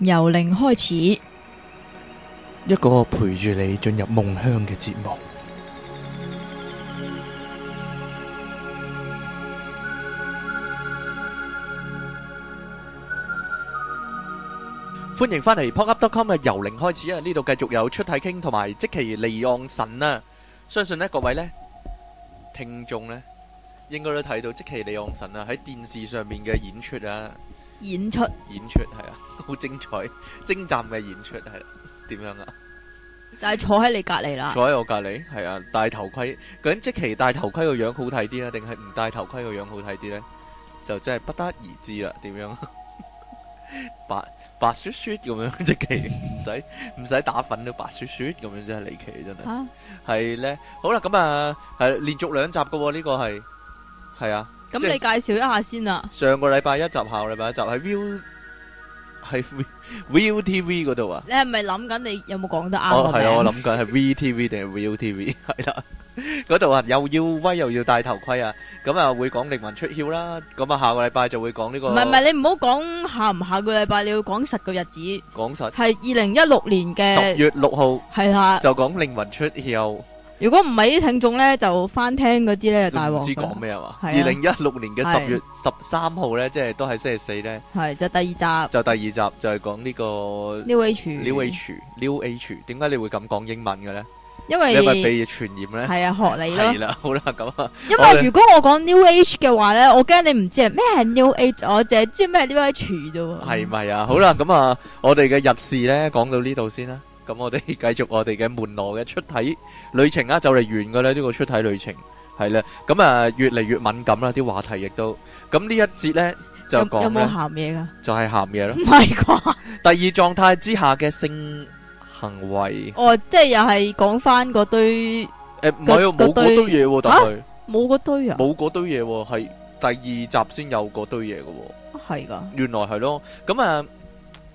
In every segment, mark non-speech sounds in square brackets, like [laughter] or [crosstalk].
由零開始，一個陪住你進入夢鄉嘅節目。歡迎返嚟，popup.com 嘅由零開始啊！呢度繼續有出體傾，同埋即其利昂神啊！相信呢，各位呢聽眾呢，應該都睇到即其利昂神啊喺電視上面嘅演出啊！演出演出係啊，好精彩、精湛嘅演出係，點樣啊？就係坐喺你隔籬啦，坐喺我隔籬係啊，戴頭盔。究竟即奇戴頭盔個樣好睇啲啊，定係唔戴頭盔個樣好睇啲咧？就真係不得而知啦。點樣、啊？ [laughs] 白白雪雪咁樣， [laughs] 即奇，唔使唔使打粉都白雪雪咁樣，真係離奇真係。係咧、啊，好啦，咁啊係連續兩集噶呢、這個係係啊。咁你介紹一下先啦。上個禮拜一集，下個禮拜一集喺 Viu 喺 Viu TV 嗰度啊。你係咪諗緊你有冇講得啱我哋？係啊，我諗緊係 VTV 定係 Viu TV。係啦，嗰度啊又要威又要戴頭盔啊。咁啊會講靈魂出竅啦。咁啊下個禮拜就會講呢個。唔係唔係，你唔好講下唔下個禮拜，你要講實個日子。講實係二零一六年嘅六月六號。係啦，就講靈魂出竅。如果唔係啲聽眾咧，就翻聽嗰啲咧，大王。唔知講咩啊嘛？二零一六年嘅十月十三號咧，是即係都係星期四咧。係即係第二集。就第二集就係講呢個 New Age。New Age。H, New Age。點解你會咁講英文嘅咧？因為你係咪被傳染咧？係啊，學你咯。係啦、 [laughs] 啊，好啦，咁啊。因為如果我講 New Age 嘅話咧，我驚你唔知係咩係 New Age，我淨係知咩係 New Age 啫。係咪啊？ [laughs] 好啦，咁啊，我哋嘅入事咧，講到呢度先啦。咁我哋繼續我哋嘅門羅嘅出體旅程啊，就嚟完噶啦，呢個出體旅程係啦，咁啊越嚟越敏感啦，啲話題亦都咁呢一節咧就講有冇鹹嘢啊咧，就係鹹嘢咯，唔係啩？第二狀態之下嘅性行為，哦、oh，即係又係講翻嗰堆誒，唔係啊，冇嗰、啊、那堆嘢喎，但係冇嗰堆啊，冇嗰堆嘢喎，係第二集先有嗰堆嘢噶，係噶的，原來係咯，咁啊。啊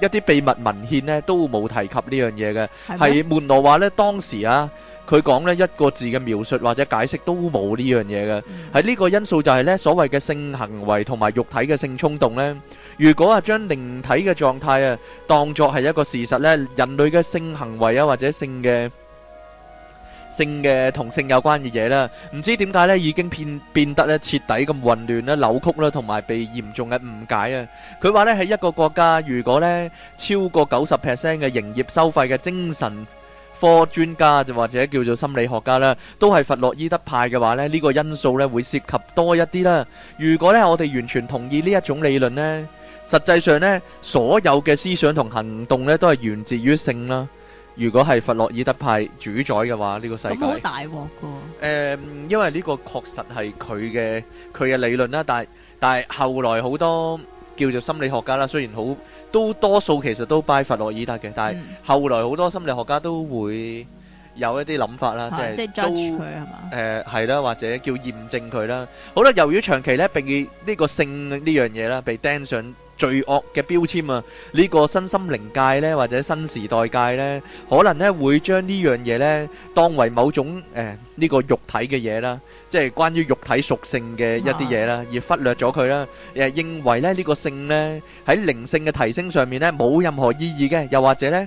一啲秘密文獻咧都冇提及呢樣嘢嘅。係門嗎羅話咧當時啊，佢講咧一個字嘅描述或者解釋都冇呢樣嘢嘅，喺呢、嗯、個因素就係咧所謂嘅性行為同埋肉體嘅性衝動咧，如果啊將靈體嘅狀態啊當作係一個事實咧，人類嘅性行為啊或者性嘅。性嘅同性有關嘅嘢啦，唔知點解呢已經變變得咧徹底咁混亂啦、扭曲啦，同埋被嚴重嘅誤解啊！佢話呢，喺一個國家，如果呢超過九十 percent 嘅營業收費嘅精神科專家，就或者叫做心理學家啦，都係弗洛伊德派嘅話咧，呢個因素咧會涉及多一啲啦。如果呢，我哋完全同意呢一種理論呢，實際上呢，所有嘅思想同行動呢，都係源自於性啦。如果係弗洛伊德派主宰嘅話，呢、這個世界咁好大鑊㗎。um, 因為呢個確實係佢嘅佢嘅理論啦，但係但係後來好多叫做心理學家啦，雖然好都多數其實都拜弗洛伊德嘅，但係後來好多心理學家都會。有一啲諗法啦，即係都誒係啦，或者叫驗證佢啦。好啦，由於長期咧，被呢個性呢樣嘢啦，被釘上罪惡嘅標籤啊，呢個身心靈界咧，或者新時代界咧，可能咧會將呢樣嘢咧當為某種誒呢個肉體嘅嘢啦，即係關於肉體屬性嘅一啲嘢啦，而忽略咗佢啦，誒認為咧呢個性咧喺靈性嘅提升上面咧冇任何意義嘅，又或者咧。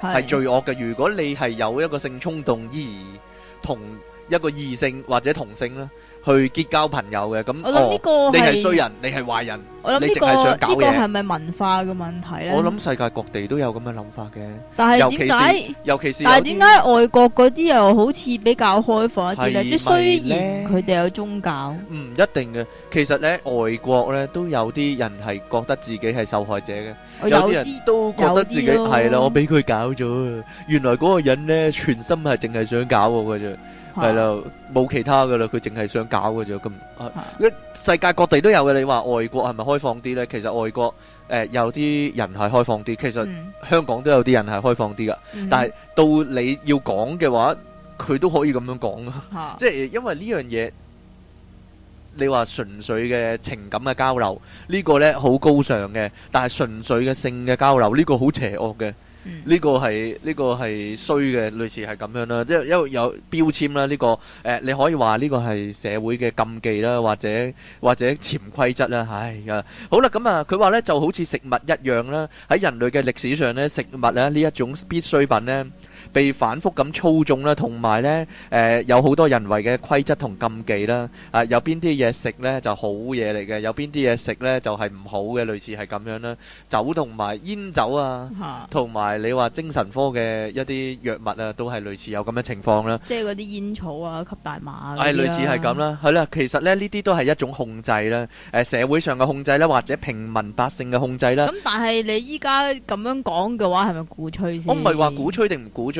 係罪惡嘅。如果你係有一個性衝動，而同一個異性或者同性呢。去結交朋友嘅咁，哦，你係衰人，你係壞人，我諗呢個，你淨係想搞呢個係咪文化嘅問題咧？我諗世界各地都有咁嘅諗法嘅，但係點解？尤其是但係點解外國嗰啲又好似比較開放一啲咧？即雖然佢哋有宗教，唔一定嘅。其實咧，外國咧都有啲人係覺得自己係受害者嘅，有啲都覺得自己係咯，我俾佢搞咗，原來嗰個人咧全心係淨係想搞我嘅啫。係啦，冇其他噶啦，佢淨係想搞噶啫咁。世界各地都有嘅，你話外國係咪開放啲呢？其實外國誒、呃、有啲人係開放啲，其實香港都有啲人係開放啲噶。但係到你要講嘅話，佢都可以咁樣講。 [laughs] 啊 [noise] 啊、即係因為呢樣嘢，你話純粹嘅情感嘅交流呢、呢個呢好高尚嘅，但係純粹嘅性嘅交流呢、呢個好邪惡嘅。呢個係呢、呢個係衰嘅，類似係咁樣啦，即係因為有標籤啦，呢、呢個誒、呃、你可以話呢個係社會嘅禁忌啦，或者或者潛規則啦，唉、哎、啊，好啦，咁啊佢話呢就好似食物一樣啦，喺人類嘅歷史上呢，食物咧呢一種必需品呢，被反覆咁操縱啦，同埋呢誒有好多人為嘅規則同禁忌啦。啊，有邊啲嘢食呢就好嘢嚟嘅，有邊啲嘢食呢就係唔好嘅，類似係咁樣啦。酒同埋煙酒啊，同埋你話精神科嘅一啲藥物啊，都係類似有咁嘅情況啦。即係嗰啲煙草啊，吸大麻啊。係類似係咁啦，係啦。其實呢呢啲都係一種控制啦，誒社會上嘅控制啦，或者平民百姓嘅控制啦。咁但係你依家咁樣講嘅話，係咪鼓吹先？我唔係話鼓吹定唔鼓吹。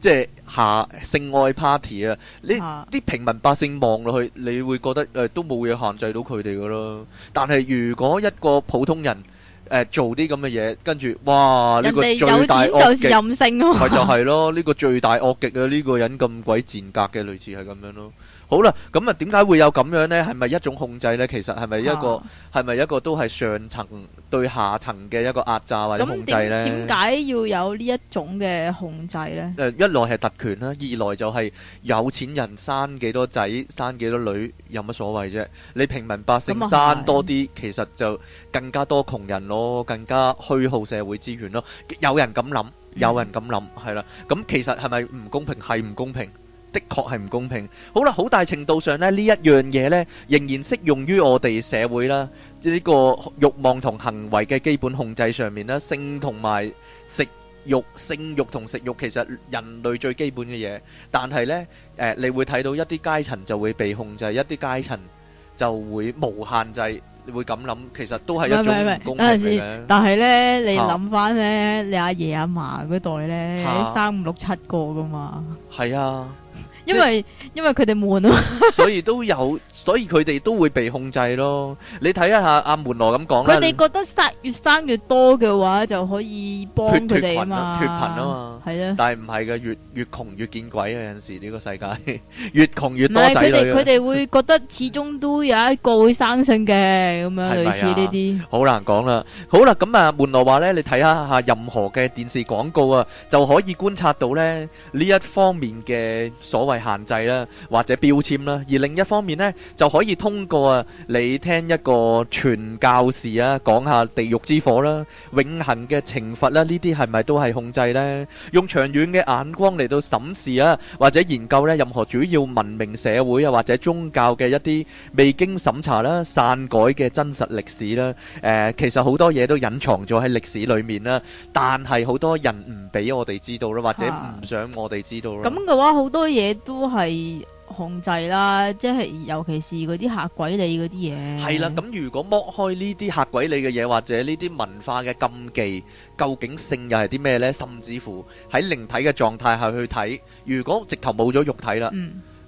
即係下性愛 party 啊！你啲平民百姓望落去，你會覺得誒、呃、都冇嘢限制到佢哋噶咯。但係如果一個普通人誒、呃、做啲咁嘅嘢，跟住哇呢個有錢就係任性，咪就係咯，呢個最大惡極嘅呢個人咁鬼賤格嘅，類似係咁樣咯。好啦，咁啊，點解會有咁樣呢？係咪一種控制呢？其實係咪一個係咪一個都係上層對下層嘅一個壓榨或者控制呢？點解要有呢一種嘅控制呢？誒，一來係特權啦，二來就係有錢人生幾多仔生幾多女有乜所謂啫？你平民百姓生多啲，其實就更加多窮人咯，更加虛耗社會資源咯。有人咁諗，有人咁諗，係啦。咁其實係咪唔公平？係唔公平？的確係唔公平。好啦，好大程度上咧，呢一樣嘢呢，仍然適用於我哋社會啦。呢、這個欲望同行為嘅基本控制上面啦，性同埋食欲、性欲同食欲，其實人類最基本嘅嘢。但係呢，誒、呃，你會睇到一啲階層就會被控制，一啲階層就會無限制，你會咁諗，其實都係一種唔公平嘅。但係呢,、啊、呢，你諗翻呢，你阿爺阿嫲嗰代咧，三五六七個噶嘛？係啊。因為因為佢哋悶咯，所以都有，所以佢哋都會被控制咯。你睇一下阿門羅咁講，佢哋覺得生越生越多嘅話就可以幫佢哋嘛，脫貧啊嘛，係啦。但係唔係嘅，越越窮越見鬼啊！有陣時呢個世界越窮越多嘅嘢。唔係，佢哋佢哋會覺得始終都有一個會生性嘅，咁樣，類似呢啲。好難講啦。好啦，咁啊，門羅話咧，你睇下吓，任何嘅電視廣告啊，就可以觀察到咧呢一方面嘅所謂。限制啦，或者標籤啦。而另一方面咧，就可以通過啊，你聽一個傳教士啊，講下地獄之火啦、永恆嘅懲罰啦，呢啲係咪都係控制咧？用長遠嘅眼光嚟到審視啊，或者研究咧，任何主要文明社會啊，或者宗教嘅一啲未經審查啦、篡改嘅真實歷史啦。誒，其實好多嘢都隱藏咗喺歷史裏面啦，但係好多人唔俾我哋知道咯，或者唔想我哋知道咯。咁嘅話，好多嘢。都係控制啦，即係尤其是嗰啲嚇鬼你嗰啲嘢。係 [noise] 啦，咁、 [noise] 嗯、如果剝開呢啲嚇鬼你嘅嘢，或者呢啲文化嘅禁忌，究竟性又係啲咩呢？甚至乎喺靈體嘅狀態下去睇，如果直頭冇咗肉體啦，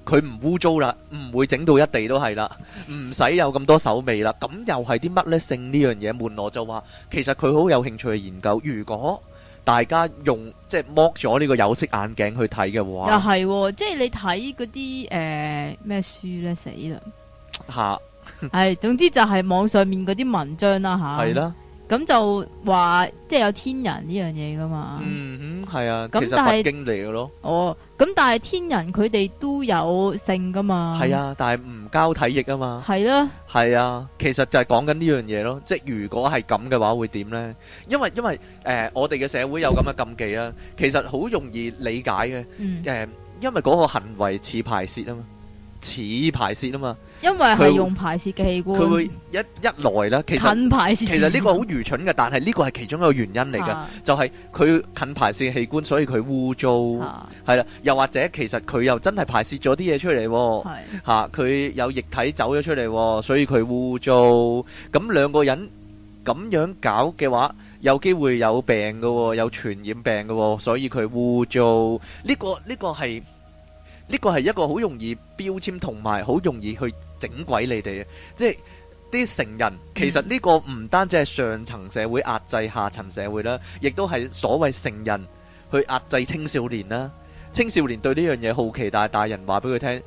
佢唔污糟啦，唔會整到一地都係啦，唔使有咁多手尾啦，咁又係啲乜呢？性呢樣嘢，門羅就話，其實佢好有興趣去研究，如果。大家用即係剝咗呢個有色眼鏡去睇嘅話，又係、哦、即係你睇嗰啲誒咩書咧死啦吓，係、 [laughs] 哎、總之就係網上面嗰啲文章啦吓，係、嗯、啦。 [laughs] 咁就話即係有天人呢樣嘢噶嘛？嗯哼，係、嗯、啊。咁其實係佛經嚟嘅咯。哦，咁但係天人佢哋都有性噶嘛？係啊，但係唔交體液啊嘛。係啦、啊。係啊，其實就係講緊呢樣嘢咯。即係如果係咁嘅話，會點咧？因為因為誒、呃，我哋嘅社會有咁嘅禁忌啊。 [laughs] 其實好容易理解嘅。誒、嗯呃，因為嗰個行為似排泄啊嘛。似排泄啊嘛，因為係用排泄嘅器官，佢會一一來啦。其實近排泄，其實呢個好愚蠢嘅，但係呢個係其中一個原因嚟㗎，啊、就係佢近排泄嘅器官，所以佢污糟係啦。又或者其實佢又真係排泄咗啲嘢出嚟，吓佢、啊、是的 有液體走咗出嚟，所以佢污糟。咁兩個人咁樣搞嘅話，有機會有病㗎、哦，有傳染病㗎、哦，所以佢污糟。呢、這個呢、這個係。呢個係一個好容易標籤同埋好容易去整鬼你哋嘅，即係啲成人、嗯、其實呢個唔單止係上層社會壓制下層社會啦，亦都係所謂成人去壓制青少年啦。青少年對呢樣嘢好奇，但係大人話俾佢聽呢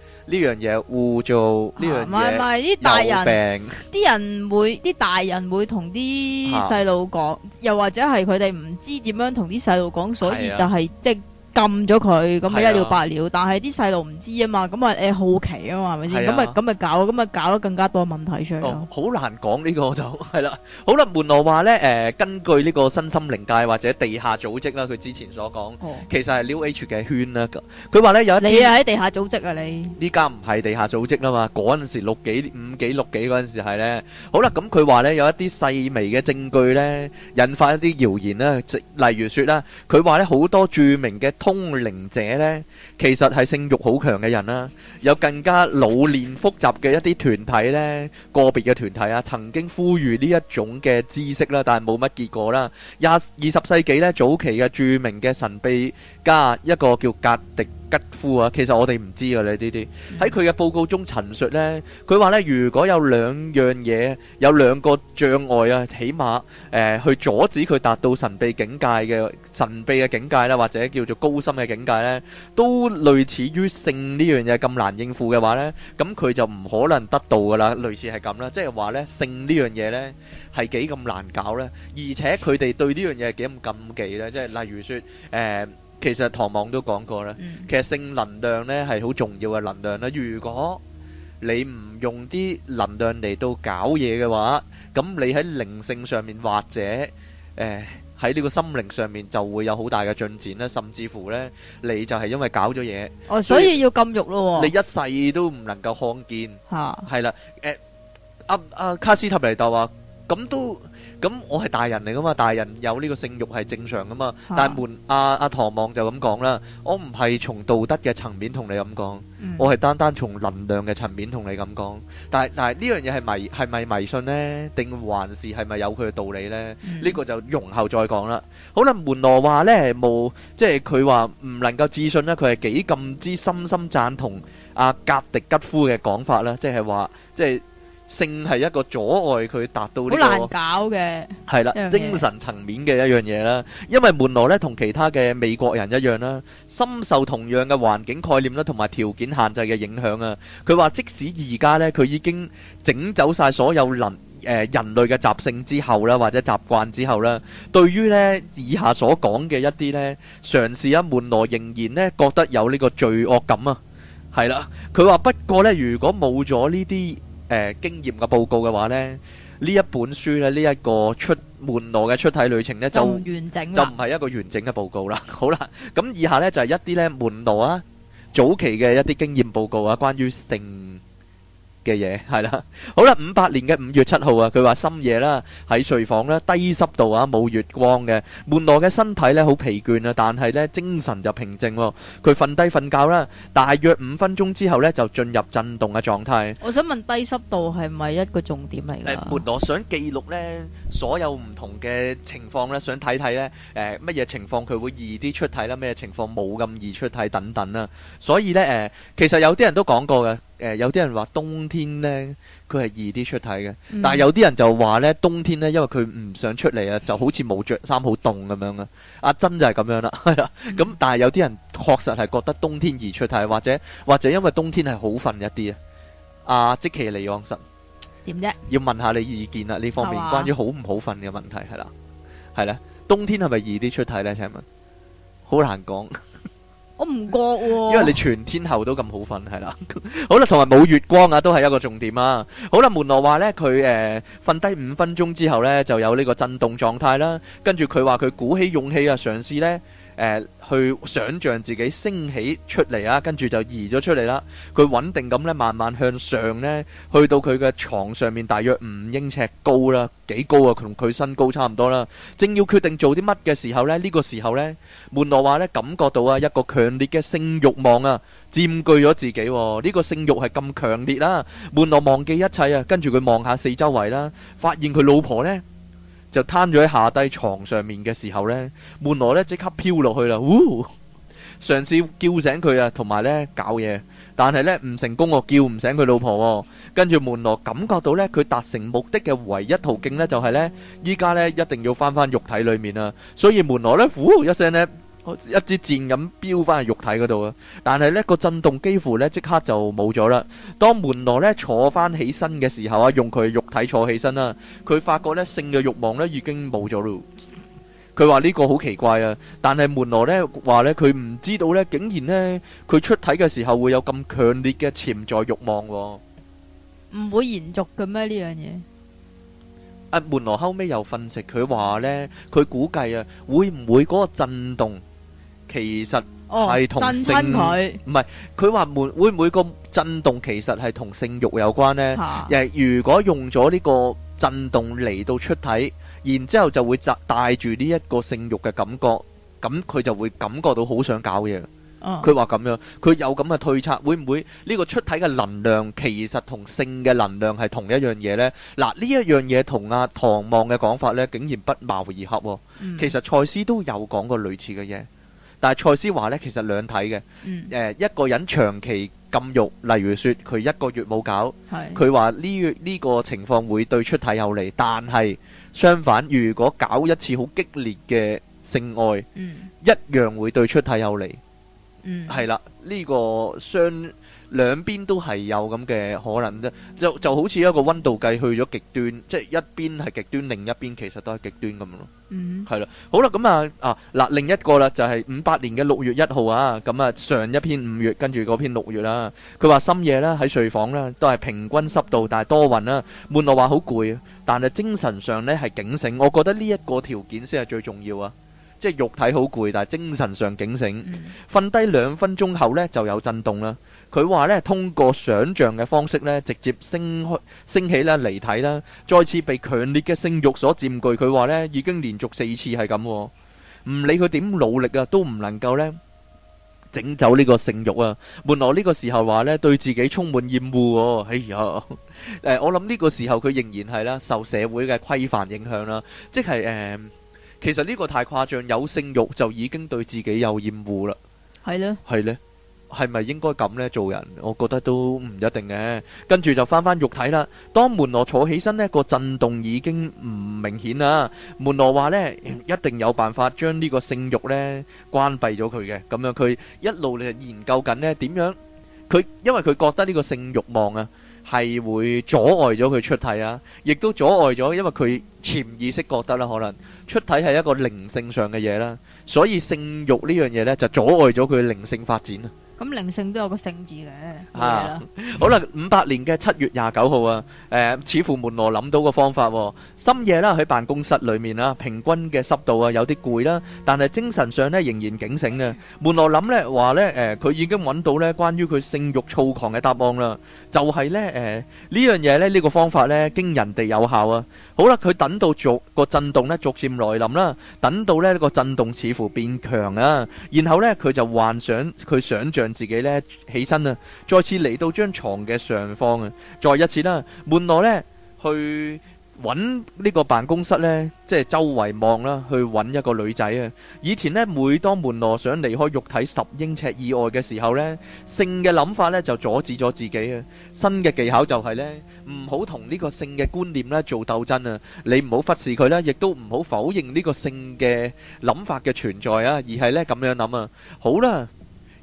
樣嘢污糟，呢樣嘢，大人有毛病。啲人，人會啲大人會同啲細路講，啊、又或者係佢哋唔知點樣同啲細路講，所以就係、是啊、即係。撳咗佢咁，啊，一了百了，但係啲細路唔知啊嘛，咁啊誒，好奇啊嘛，係咪先？咁啊咁咪搞，咁啊搞得更加多問題出嚟。好難講，呢個就係啦。好啦，門羅話咧，誒，根據呢個身心靈界或者地下組織啦，佢之前所講，其實係 New Age 嘅圈啦。佢話咧有一啲你啊，喺地下組織啊你？依家唔係地下組織啦嘛，嗰陣時六幾五幾六幾嗰陣時係咧。好啦，咁佢話咧有一啲細微嘅證據咧，引發一啲謠言啦，例如說啦，佢話咧好多著名嘅。通靈者呢，其實係性慾好強嘅人啦，有更加老練複雜嘅一啲團體呢，個別嘅團體啊，曾經呼籲呢一種嘅知識啦，但係冇乜結果啦。廿二十世紀呢，早期嘅著名嘅神秘家，一個叫格迪。吉夫啊，其實我哋唔知㗎咧呢啲，喺佢嘅報告中陳述咧，佢話咧如果有兩樣嘢，有兩個障礙啊，起碼誒去阻止佢達到神秘境界嘅神秘嘅境界咧，或者叫做高深嘅境界咧，都類似於性呢樣嘢咁難應付嘅話咧，咁佢就唔可能得到㗎啦。類似係咁啦，即係話咧，性呢樣嘢咧係幾咁難搞咧，而且佢哋對呢樣嘢係幾咁禁忌咧，即係例如說誒。其實唐望都講過啦，其實性能量呢係好重要嘅能量啦。如果你唔用啲能量嚟到搞嘢嘅話，咁你喺靈性上面或者誒喺呢個心靈上面就會有好大嘅進展啦。甚至乎呢，你就係因為搞咗嘢，哦所以要禁慾咯。你一世都唔能夠看見，係啦。誒，阿阿卡斯塔尼就話。咁都咁，我係大人嚟噶嘛，大人有呢個性慾係正常噶嘛？但係門阿阿唐望就咁講啦，我唔係從道德嘅層面同你咁講，我係單單從能量嘅層面同你咁講。但係但係呢樣嘢係迷係咪迷信呢？定還是係咪有佢嘅道理呢？呢個就容後再講啦。好啦，門羅話呢冇，即係佢話唔能夠自信啦。佢係幾咁之深深贊同阿格迪吉夫嘅講法啦，即係話即係。性係一個阻礙佢達到好難搞嘅係啦，精神層面嘅一樣嘢啦。因為門羅咧，同其他嘅美國人一樣啦，深受同樣嘅環境概念啦，同埋條件限制嘅影響啊。佢話即使而家咧，佢已經整走晒所有能誒人類嘅習性之後啦，或者習慣之後啦，對於咧以下所講嘅一啲咧，嘗試啊，門羅仍然咧覺得有呢個罪惡感啊。係啦，佢話不過咧，如果冇咗呢啲。誒、呃、經驗嘅報告嘅話呢，呢一本書呢，呢、這、一個出門羅嘅出體旅程呢，完整就就唔係一個完整嘅報告啦。好啦，咁以下呢，就係、是、一啲呢門羅啊，早期嘅一啲經驗報告啊，關於性。嘅嘢係啦，好啦，五八年嘅五月七號啊，佢話深夜啦，喺睡房啦，低濕度啊，冇月光嘅，門羅嘅身體咧好疲倦啊，但係咧精神就平靜，佢瞓低瞓覺啦，大約五分鐘之後咧就進入震動嘅狀態。我想問低濕度係咪一個重點嚟嘅？誒，門羅想記錄咧所有唔同嘅情況咧，想睇睇咧誒乜嘢情況佢會易啲出體啦，咩情況冇咁易出體等等啦，所以咧誒其實有啲人都講過嘅。誒、呃，有啲人話冬天呢，佢係易啲出體嘅，但係有啲人就話呢，冬天呢，因為佢唔想出嚟啊，就好似冇着衫好凍咁樣啊。阿珍就係咁樣啦，係啦。咁但係有啲人確實係覺得冬天易出體，或者或者因為冬天係好瞓一啲啊。阿即奇利昂神，點啫？要問下你意見啦，呢方面關於好唔好瞓嘅問題係啦，係啦、 [laughs] 嗯，冬天係咪易啲出體呢？請問，好難講。我唔覺喎， [laughs] 因為你全天候都咁好瞓，係啦， [laughs] 好啦，同埋冇月光啊，都係一個重點啊，好啦，門羅話呢，佢誒瞓低五分鐘之後呢，就有呢個震動狀態啦，跟住佢話佢鼓起勇氣啊，嘗試呢。誒、呃，去想象自己升起出嚟啊，跟住就移咗出嚟啦。佢穩定咁咧，慢慢向上咧，去到佢嘅床上面，大約五英尺高啦，幾高啊？同佢身高差唔多啦。正要決定做啲乜嘅時候咧，呢個時候咧，門羅話咧，感覺到啊，一個強烈嘅性慾望啊，佔據咗自己、啊。呢個性慾係咁強烈啦、啊，門羅忘記一切啊，跟住佢望下四周圍啦、啊，發現佢老婆咧。就攤咗喺下低牀上面嘅時候咧，門羅咧即刻飄落去啦。上次叫醒佢啊，同埋咧搞嘢，但係咧唔成功喎，叫唔醒佢老婆。跟住門羅感覺到咧，佢達成目的嘅唯一途徑咧，就係咧依家咧一定要返返肉體裡面啦。所以門羅咧，呼一聲咧。一支箭咁飆翻去肉體嗰度啊！但係呢個震動幾乎呢即刻就冇咗啦。當門羅呢坐翻起身嘅時候啊，用佢肉體坐起身啦，佢發覺呢性嘅欲望呢已經冇咗啦。佢話呢個好奇怪啊！但係門羅呢話呢佢唔知道呢，竟然呢佢出體嘅時候會有咁強烈嘅潛在欲望，唔會延續嘅咩呢樣嘢？啊，門羅後尾又分析，佢話呢佢估計啊會唔會嗰個震動？其實係同性，佢唔係佢話會唔會個震動其實係同性欲有關呢？亦、啊、如果用咗呢個震動嚟到出體，然之後就會帶住呢一個性欲嘅感覺，咁佢就會感覺到好想搞嘢。佢話咁樣，佢有咁嘅推測，會唔會呢個出體嘅能量其實同性嘅能量係同一樣嘢呢？嗱、啊，呢一樣嘢同阿唐望嘅講法呢，竟然不謀而合、哦。嗯、其實賽斯都有講過類似嘅嘢。但係蔡思華呢，其實兩體嘅。誒、嗯呃、一個人長期禁欲，例如說佢一個月冇搞，佢話呢，呢個情況會對出體有利。但係相反，如果搞一次好激烈嘅性愛，嗯、一樣會對出體有利。係、嗯、啦，呢、呢個相。兩邊都係有咁嘅可能啫，就就好似一個溫度計去咗極端，即係一邊係極端，另一邊其實都係極端咁咯。嗯，係啦，好啦，咁啊啊嗱，另一個啦就係五八年嘅六月一號啊，咁啊上一篇五月，跟住嗰篇六月啦。佢話深夜啦，喺睡房啦，都係平均濕度，但係多雲啦。悶到話好攰，但係精神上呢係警醒。我覺得呢一個條件先係最重要啊，即係肉體好攰，但係精神上警醒。瞓低兩分鐘後呢，就有震動啦。佢話呢，通過想象嘅方式呢，直接升開、升起啦、離體啦，再次被強烈嘅性慾所佔據。佢話呢，已經連續四次係咁，唔理佢點努力啊，都唔能夠呢整走呢個性慾啊。門羅呢個時候話呢，對自己充滿厭惡。哎呀，誒，我諗呢個時候佢仍然係啦，受社會嘅規範影響啦，即係誒，其實呢個太誇張，有性慾就已經對自己有厭惡啦。係呢，係呢。係咪應該咁呢？做人，我覺得都唔一定嘅。跟住就翻翻肉體啦。當門羅坐起身呢，個震動已經唔明顯啦。門羅話呢，嗯，一定有辦法將呢個性慾呢關閉咗佢嘅。咁樣佢一路咧研究緊呢點樣。佢因為佢覺得呢個性慾望啊，係會阻礙咗佢出體啊，亦都阻礙咗。因為佢潛意識覺得啦，可能出體係一個靈性上嘅嘢啦，所以性慾呢樣嘢呢，就阻礙咗佢靈性發展啊。咁靈性都有個性字嘅，好啦，五八年嘅七月廿九號啊，誒，似乎門羅諗到個方法，深夜啦，喺辦公室裏面啦，平均嘅濕度啊，有啲攰啦，但係精神上咧仍然警醒嘅。門羅諗咧話咧，誒，佢已經揾到咧關於佢性慾躁狂嘅答案啦，就係咧，誒，呢樣嘢咧，呢個方法咧，驚人哋有效啊。好啦，佢等到逐個震動咧逐漸來臨啦，等到咧個震動似乎變強啊，然後咧佢就幻想佢想象。自己咧起身啊，再次嚟到張床嘅上方啊，再一次啦。門羅呢去揾呢個辦公室呢，即係周圍望啦，去揾一個女仔啊。以前呢，每當門羅想離開肉體十英尺以外嘅時候呢，性嘅諗法呢就阻止咗自己啊。新嘅技巧就係呢，唔好同呢個性嘅觀念咧做鬥爭啊。你唔好忽視佢啦，亦都唔好否認呢個性嘅諗法嘅存在啊，而係呢咁樣諗啊。好啦。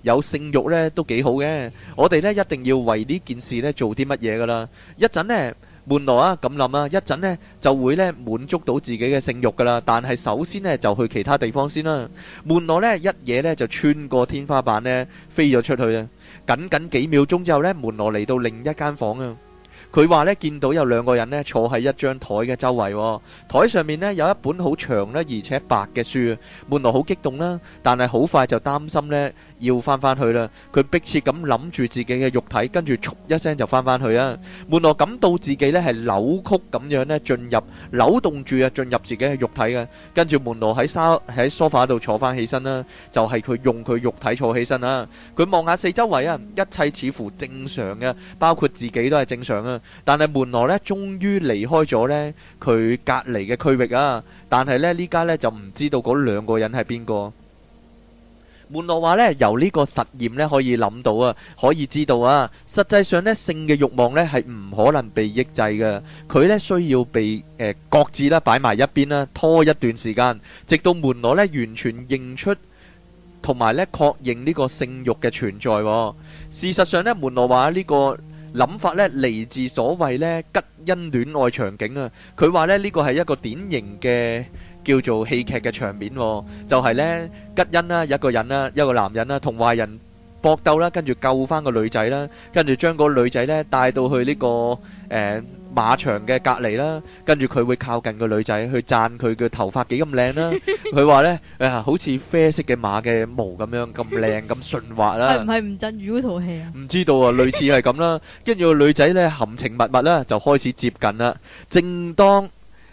有性欲咧都幾好嘅，我哋咧一定要為呢件事咧做啲乜嘢噶啦。一陣呢，門羅啊咁諗啊，一陣呢就會咧滿足到自己嘅性欲噶啦。但係首先呢就去其他地方先啦。門羅呢一嘢呢就穿過天花板呢飛咗出去啊！僅僅幾秒鐘之後呢，門羅嚟到另一間房啊。佢話咧見到有兩個人咧坐喺一張台嘅周圍，台上面咧有一本好長咧而且白嘅書。門羅好激動啦，但係好快就擔心咧要翻翻去啦。佢迫切咁諗住自己嘅肉體，跟住噗一聲就翻翻去啊。門羅感到自己咧係扭曲咁樣咧進入扭動住啊進入自己嘅肉體嘅，跟住門羅喺沙喺梳化度坐翻起身啦，就係佢用佢肉體坐起身啦。佢望下四周圍啊，一切似乎正常嘅，包括自己都係正常啊。但係門羅咧，終於離開咗咧佢隔籬嘅區域啊！但係咧依家呢，就唔知道嗰兩個人係邊個。門羅話呢，由呢個實驗呢可以諗到啊，可以知道啊，實際上呢，性嘅慾望呢係唔可能被抑制嘅，佢呢需要被誒擱置啦，擺、呃、埋一邊啦，拖一段時間，直到門羅呢完全認出同埋呢確認呢個性慾嘅存在、啊。事實上呢，門羅話呢、呢個。諗法呢嚟自所謂呢吉恩戀愛場景啊，佢話呢，呢個係一個典型嘅叫做戲劇嘅場面、啊，就係、是、呢吉恩啦、啊，一個人啦、啊，一個男人啦、啊，同壞人搏鬥啦、啊，跟住救翻個女仔啦、啊，跟住將個女仔呢帶到去呢、這個誒。呃馬場嘅隔籬啦，跟住佢會靠近個女仔去讚佢嘅頭髮幾咁靚啦。佢話咧，啊，好似啡色嘅馬嘅毛咁樣咁靚咁順滑啦。係唔係吳鎮宇嗰套戲啊？唔知道啊，類似係咁啦。跟住個女仔咧，含情脈脈啦，就開始接近啦。正當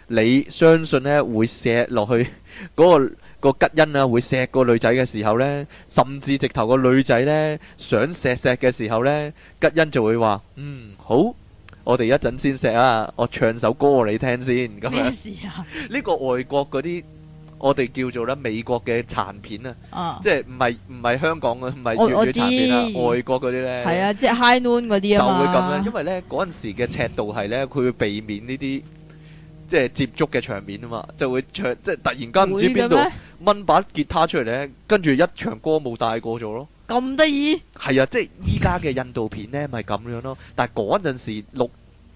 你相信咧會錫落去嗰個個吉恩啊，會錫個女仔嘅時候咧，甚至直頭個女仔咧想錫錫嘅時候咧，吉恩就會話：嗯，好。我哋一陣先錫啊！我唱首歌你聽先咁樣。呢、啊、 [laughs] 個外國嗰啲，我哋叫做咧美國嘅殘片啊，即係唔係唔係香港嘅，唔係粵語殘片啊。外國嗰啲咧。係啊，即係 High Noon 嗰啲啊嘛，就會咁樣，因為咧嗰陣時嘅尺度係咧，佢會避免呢啲 [laughs] 即係接觸嘅場面啊嘛，就會唱即係突然間唔知邊度掹把吉他出嚟咧，跟住一場歌舞帶過咗咯。咁得意係啊！即係依家嘅印度片呢咪咁 [laughs] 樣咯。但係嗰陣時六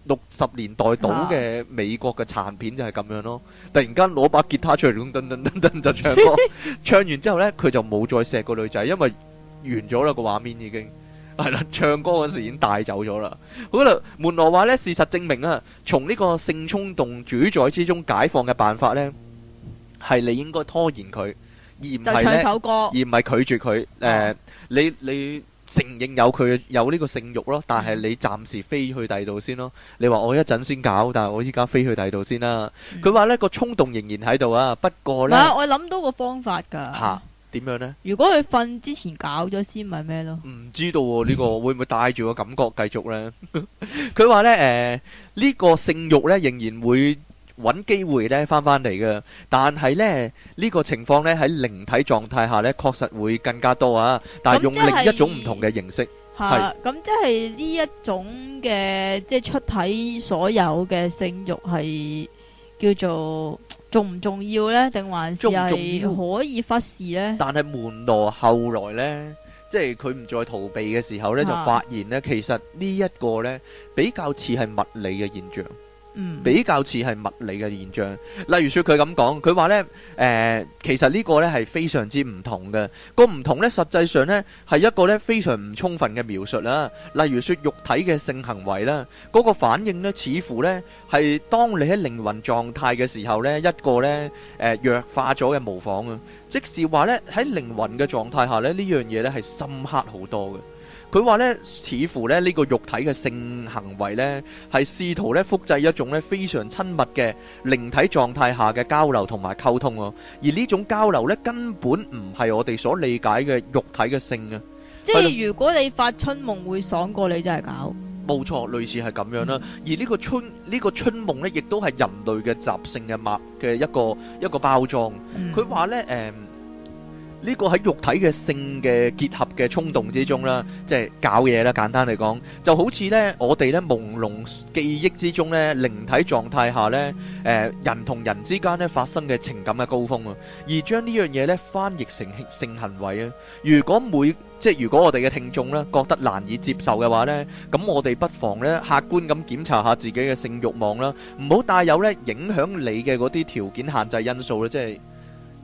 六十年代倒嘅美國嘅殘片就係咁樣咯。突然間攞把吉他出嚟，噔噔噔噔噔就唱歌。 [laughs] 唱完之後呢，佢就冇再錫個女仔，因為完咗啦個畫面已經係啦、嗯。唱歌嗰時已經帶走咗啦。好啦，門羅話呢，事實證明啊，從呢個性衝動主宰之中解放嘅辦法呢，係你應該拖延佢，而唔係咧，而唔係拒絕佢誒。呃你你承認有佢有呢個性慾咯，但係你暫時飛去第二度先咯。你話我一陣先搞，但係我依家飛去第二度先啦。佢話、嗯、呢個衝動仍然喺度啊，不過呢唔、啊、我諗到個方法㗎。嚇點、啊、樣呢？如果佢瞓之前搞咗先，咪咩咯？唔知道喎、啊，呢、呢個會唔會帶住個感覺繼續呢？佢 [laughs] 話呢，誒、呃，呢、呢個性慾呢，仍然會。揾機會咧翻翻嚟嘅，但係咧呢個情況咧喺靈體狀態下咧，確實會更加多啊！但係用另一種唔同嘅形式，係咁即係呢一種嘅即係出體所有嘅性慾係叫做重唔重要咧？定還是係可以忽視咧？但係門羅後來咧，即係佢唔再逃避嘅時候咧，就發現咧，其實呢一個咧比較似係物理嘅現象。比較似係物理嘅現象，例如說佢咁講，佢話呢，誒、呃，其實呢個呢係非常之唔同嘅，個唔同呢，實際上呢，係一個呢非常唔充分嘅描述啦。例如說，肉體嘅性行為啦，嗰個反應呢，似乎呢，係當你喺靈魂狀態嘅時候呢，一個呢，誒、呃，弱化咗嘅模仿啊，即是話呢，喺靈魂嘅狀態下呢，呢樣嘢呢，係深刻好多嘅。佢話咧，似乎咧呢、呢個肉體嘅性行為呢，係試圖咧複製一種咧非常親密嘅靈體狀態下嘅交流同埋溝通啊。而呢種交流呢，根本唔係我哋所理解嘅肉體嘅性啊。即係是的如果你發春夢會爽過你真係搞。冇錯，類似係咁樣啦、啊。嗯、而呢個春呢、呢個春夢呢，亦都係人類嘅習性嘅物嘅一個一個包裝。佢話、嗯、呢。誒、嗯。呢個喺肉體嘅性嘅結合嘅衝動之中啦，即係搞嘢啦。簡單嚟講，就好似呢我哋呢朦朧記憶之中呢靈體狀態下呢誒人同人之間呢發生嘅情感嘅高峰啊，而將呢樣嘢呢翻譯成性行為啊。如果每即係如果我哋嘅聽眾呢覺得難以接受嘅話呢，咁我哋不妨呢客觀咁檢查下自己嘅性慾望啦，唔好帶有呢影響你嘅嗰啲條件限制因素咧，即係。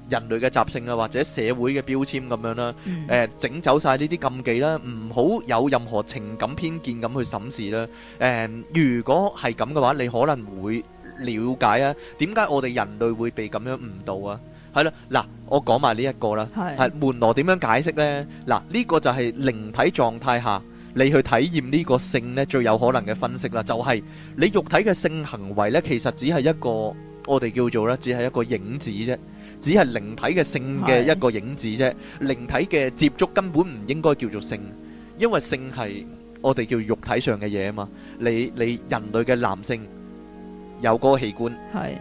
人類嘅習性啊，或者社會嘅標籤咁樣啦，誒整走曬呢啲禁忌啦，唔好有任何情感偏見咁去審視啦。誒，如果係咁嘅話，你可能會了解啊，點解我哋人類會被咁樣誤導啊？係啦，嗱，我講埋呢一個啦，係門羅點樣解釋呢？嗱，呢個就係靈體狀態下你去體驗呢個性呢，最有可能嘅分析啦，就係你肉體嘅性行為呢，其實只係一個我哋叫做呢，只係一個影子啫。只係靈體嘅性嘅一個影子啫，靈體嘅接觸根本唔應該叫做性，因為性係我哋叫肉體上嘅嘢啊嘛。你你人類嘅男性有嗰個器官，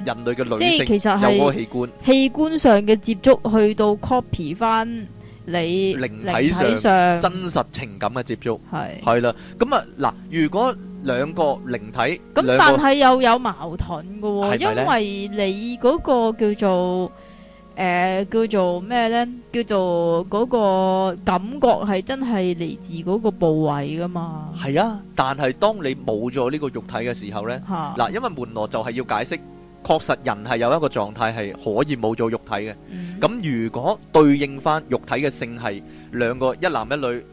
人類嘅女性有嗰個器官，器官上嘅接觸去到 copy 翻你靈體上真實情感嘅接觸，係係啦。咁啊嗱，如果兩個靈體咁，但係又有矛盾㗎喎，因為你嗰個叫做。誒，叫做咩呢？叫做嗰個感覺係真係嚟自嗰個部位噶嘛？係啊，但係當你冇咗呢個肉體嘅時候呢，嗱，因為門羅就係要解釋，確實人係有一個狀態係可以冇咗肉體嘅。咁如果對應翻肉體嘅性係兩個，一男一女。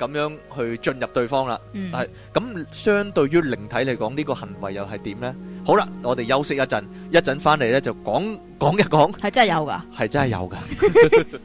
咁樣去進入對方啦，嗯，係咁相對於靈體嚟講，呢個行為又係點呢？好啦，我哋休息一陣，一陣返嚟呢就講講一講，係真係有㗎，係真係有㗎。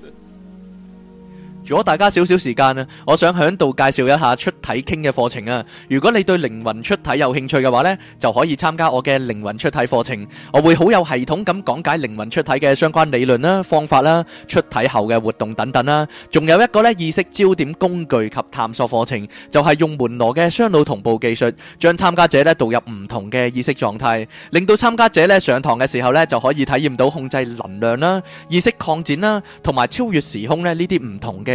如果大家少少時間咧，我想喺度介紹一下出體傾嘅課程啊！如果你對靈魂出體有興趣嘅話咧，就可以參加我嘅靈魂出體課程。我會好有系統咁講解靈魂出體嘅相關理論啦、方法啦、出體後嘅活動等等啦。仲有一個咧意識焦點工具及探索課程，就係用門羅嘅雙腦同步技術，將參加者咧導入唔同嘅意識狀態，令到參加者咧上堂嘅時候咧就可以體驗到控制能量啦、意識擴展啦，同埋超越時空咧呢啲唔同嘅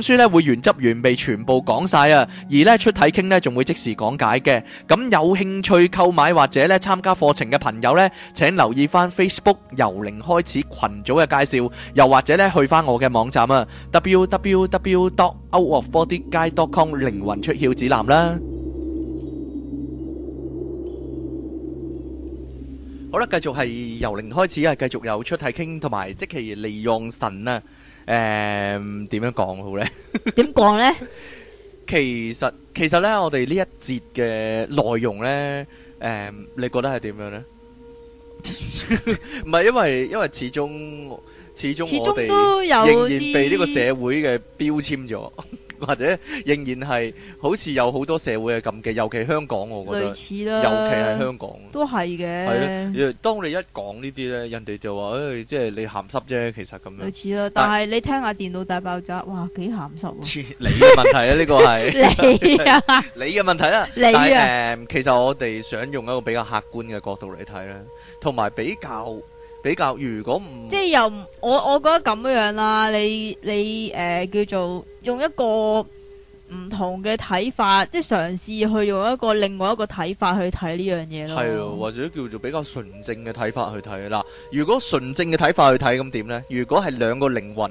書咧會原汁原味全部講晒啊，而咧出體傾咧仲會即時講解嘅。咁有興趣購買或者咧參加課程嘅朋友咧，請留意翻 Facebook 由零開始群組嘅介紹，又或者咧去翻我嘅網站啊 www.dot outofbodyguide .com 靈魂出竅指南啦。好啦，繼續係由零開始啊，繼續有出體傾同埋即期利用神啊。誒，um, 點樣講好呢？點 [laughs] 講呢？ [laughs] 其實其實呢，我哋呢一節嘅內容呢，誒, um, 你覺得係點樣呢？唔 [laughs] 係因為因為始終始終我哋都有仍然被呢個社會嘅標籤咗。 [laughs] 或者仍然係好似有好多社會嘅禁忌，尤其香港我覺得。類似啦，尤其係香港。都係嘅。係咯，當你一講呢啲咧，人哋就話：誒，即係你鹹濕啫，其實咁樣。類似啦，但係你聽下電腦大爆炸，哇，幾鹹濕喎！你嘅問題啊，呢個係。你啊！你嘅問題啊。你啊！誒，其實我哋想用一個比較客觀嘅角度嚟睇咧，同埋比較比較，如果唔即係又我我覺得咁樣啦，你你誒叫做。用一個唔同嘅睇法，即係嘗試去用一個另外一個睇法去睇呢樣嘢咯。係啊，或者叫做比較純正嘅睇法去睇。嗱，如果純正嘅睇法去睇，咁點呢？如果係兩個靈魂。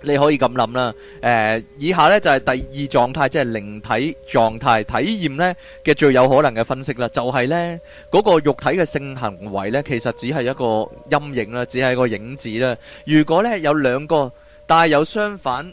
你可以咁諗啦，誒、呃，以下呢就係、是、第二狀態，即係靈體狀態體驗呢嘅最有可能嘅分析啦，就係、是、呢嗰、那個肉體嘅性行為呢，其實只係一個陰影啦，只係個影子啦。如果呢有兩個，但有相反。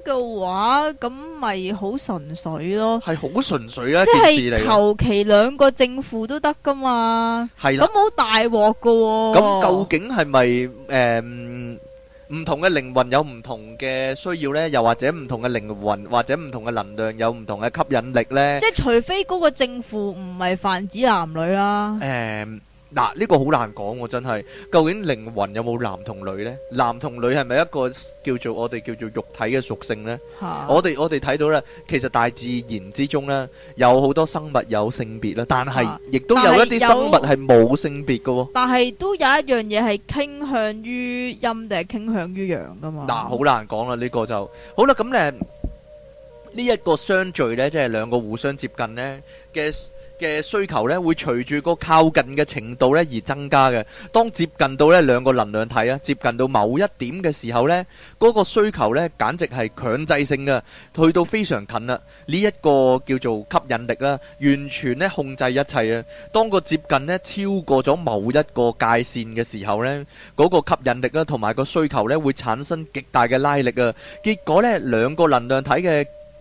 嘅話咁咪好純粹咯，係好純粹咧。即係求其兩個正負都得噶嘛。係咁好大鑊噶。咁究竟係咪誒唔同嘅靈魂有唔同嘅需要咧？又或者唔同嘅靈魂或者唔同嘅能量有唔同嘅吸引力咧？即係除非嗰個正負唔係泛指男女啦。誒。嗱，呢個好難講喎、啊，真係。究竟靈魂有冇男同女呢？男同女係咪一個叫做我哋叫做肉體嘅屬性呢？哈我哋我哋睇到咧，其實大自然之中呢，有好多生物有性別啦，但係哈亦都有一啲生物係冇性別噶喎、哦。但係都有一樣嘢係傾向於陰定係傾向於陽噶嘛？嗱、啊，好難講啦、啊，呢、這個就好啦。咁咧，呢、這、一個相聚呢，即係兩個互相接近呢。嘅。嘅需求咧，會隨住個靠近嘅程度咧而增加嘅。當接近到呢兩個能量體啊，接近到某一點嘅時候呢，嗰個需求呢，簡直係強制性嘅。去到非常近啦，呢一個叫做吸引力啦，完全呢控制一切啊。當個接近呢超過咗某一個界線嘅時候呢，嗰個吸引力啊同埋個需求呢，會產生極大嘅拉力啊。結果呢，兩個能量體嘅。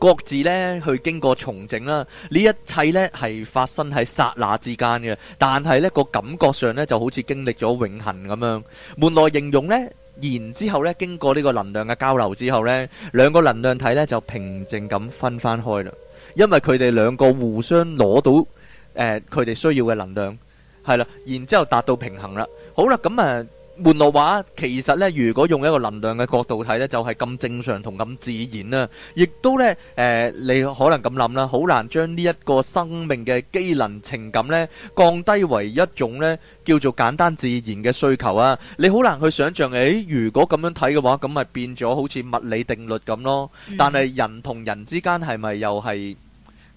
各自咧去經過重整啦，呢一切咧係發生喺剎那之間嘅，但係呢個感覺上咧就好似經歷咗永恆咁樣。門羅形容呢，然之後咧經過呢個能量嘅交流之後呢，兩個能量體咧就平靜咁分翻開啦，因為佢哋兩個互相攞到誒佢哋需要嘅能量，係啦，然之後達到平衡啦。好啦，咁啊。門羅話，其實咧，如果用一個能量嘅角度睇咧，就係、是、咁正常同咁自然啦、啊。亦都咧，誒、呃，你可能咁諗啦，好難將呢一個生命嘅機能情感咧，降低為一種咧叫做簡單自然嘅需求啊。你好難去想像，誒、哎，如果咁樣睇嘅話，咁咪變咗好似物理定律咁咯。但係人同人之間係咪又係？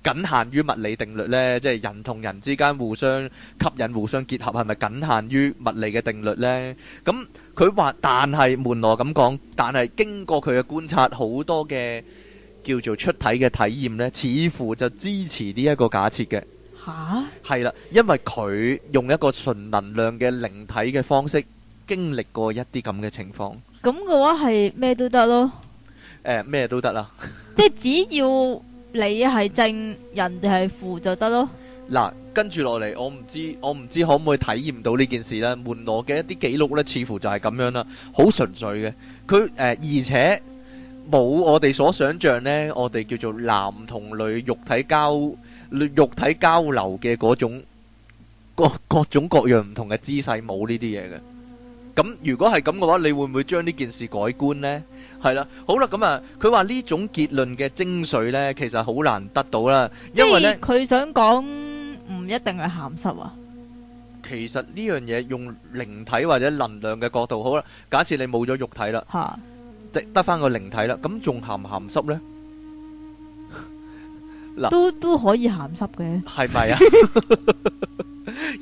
僅限於物理定律呢，即係人同人之間互相吸引、互相結合，係咪僅限於物理嘅定律呢？咁佢話，但係門羅咁講，但係經過佢嘅觀察，好多嘅叫做出體嘅體驗呢，似乎就支持呢一個假設嘅。吓，係啦，因為佢用一個純能量嘅靈體嘅方式經歷過一啲咁嘅情況。咁嘅話係咩都得咯？誒，咩都得啦。即係只要。你係正，人哋係負就得咯。嗱，跟住落嚟，我唔知我唔知可唔可以體驗到呢件事咧。門羅嘅一啲記錄呢，似乎就係咁樣啦，好純粹嘅。佢誒、呃，而且冇我哋所想象呢，我哋叫做男同女肉體交、肉體交流嘅嗰種各各種各樣唔同嘅姿勢，冇呢啲嘢嘅。咁如果係咁嘅話，你會唔會將呢件事改觀呢？係啦，好啦，咁啊，佢話呢種結論嘅精髓呢，其實好難得到啦。即係因為呢，佢想講，唔一定係鹹濕啊。其實呢樣嘢用靈體或者能量嘅角度好啦。假設你冇咗肉體啦，得得翻個靈體啦，咁仲鹹唔鹹濕呢？都都可以鹹濕嘅，係咪啊？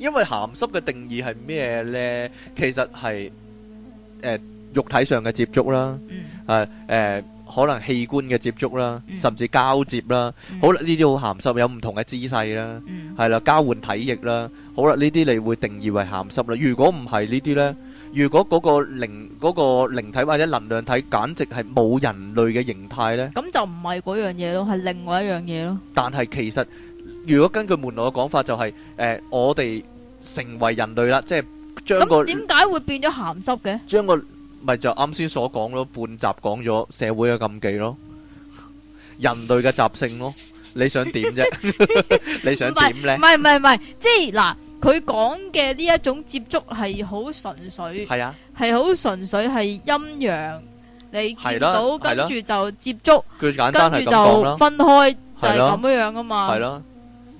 [laughs] 因為鹹濕嘅定義係咩呢？其實係誒、呃，肉體上嘅接觸啦，誒、呃、誒、呃，可能器官嘅接觸啦，甚至交接啦，嗯、好啦，呢啲好鹹濕，有唔同嘅姿勢啦，係啦，交換體液啦，好啦，呢啲你會定義為鹹濕啦。如果唔係呢啲呢？如果嗰個靈嗰個靈體或者能量體簡直係冇人類嘅形態呢，咁就唔係嗰樣嘢咯，係另外一樣嘢咯。但係其實如果根據門羅嘅講法，就係誒，我哋成為人類啦，即係將個點解會變咗咸濕嘅？將個咪就啱先所講咯，半集講咗社會嘅禁忌咯，人類嘅習性咯，你想點啫？你想點呢？唔係唔係唔係，即係嗱。佢講嘅呢一種接觸係好純粹，係好純粹係陰陽，你見到跟住就接觸，跟住就分開，就係咁樣樣啊嘛。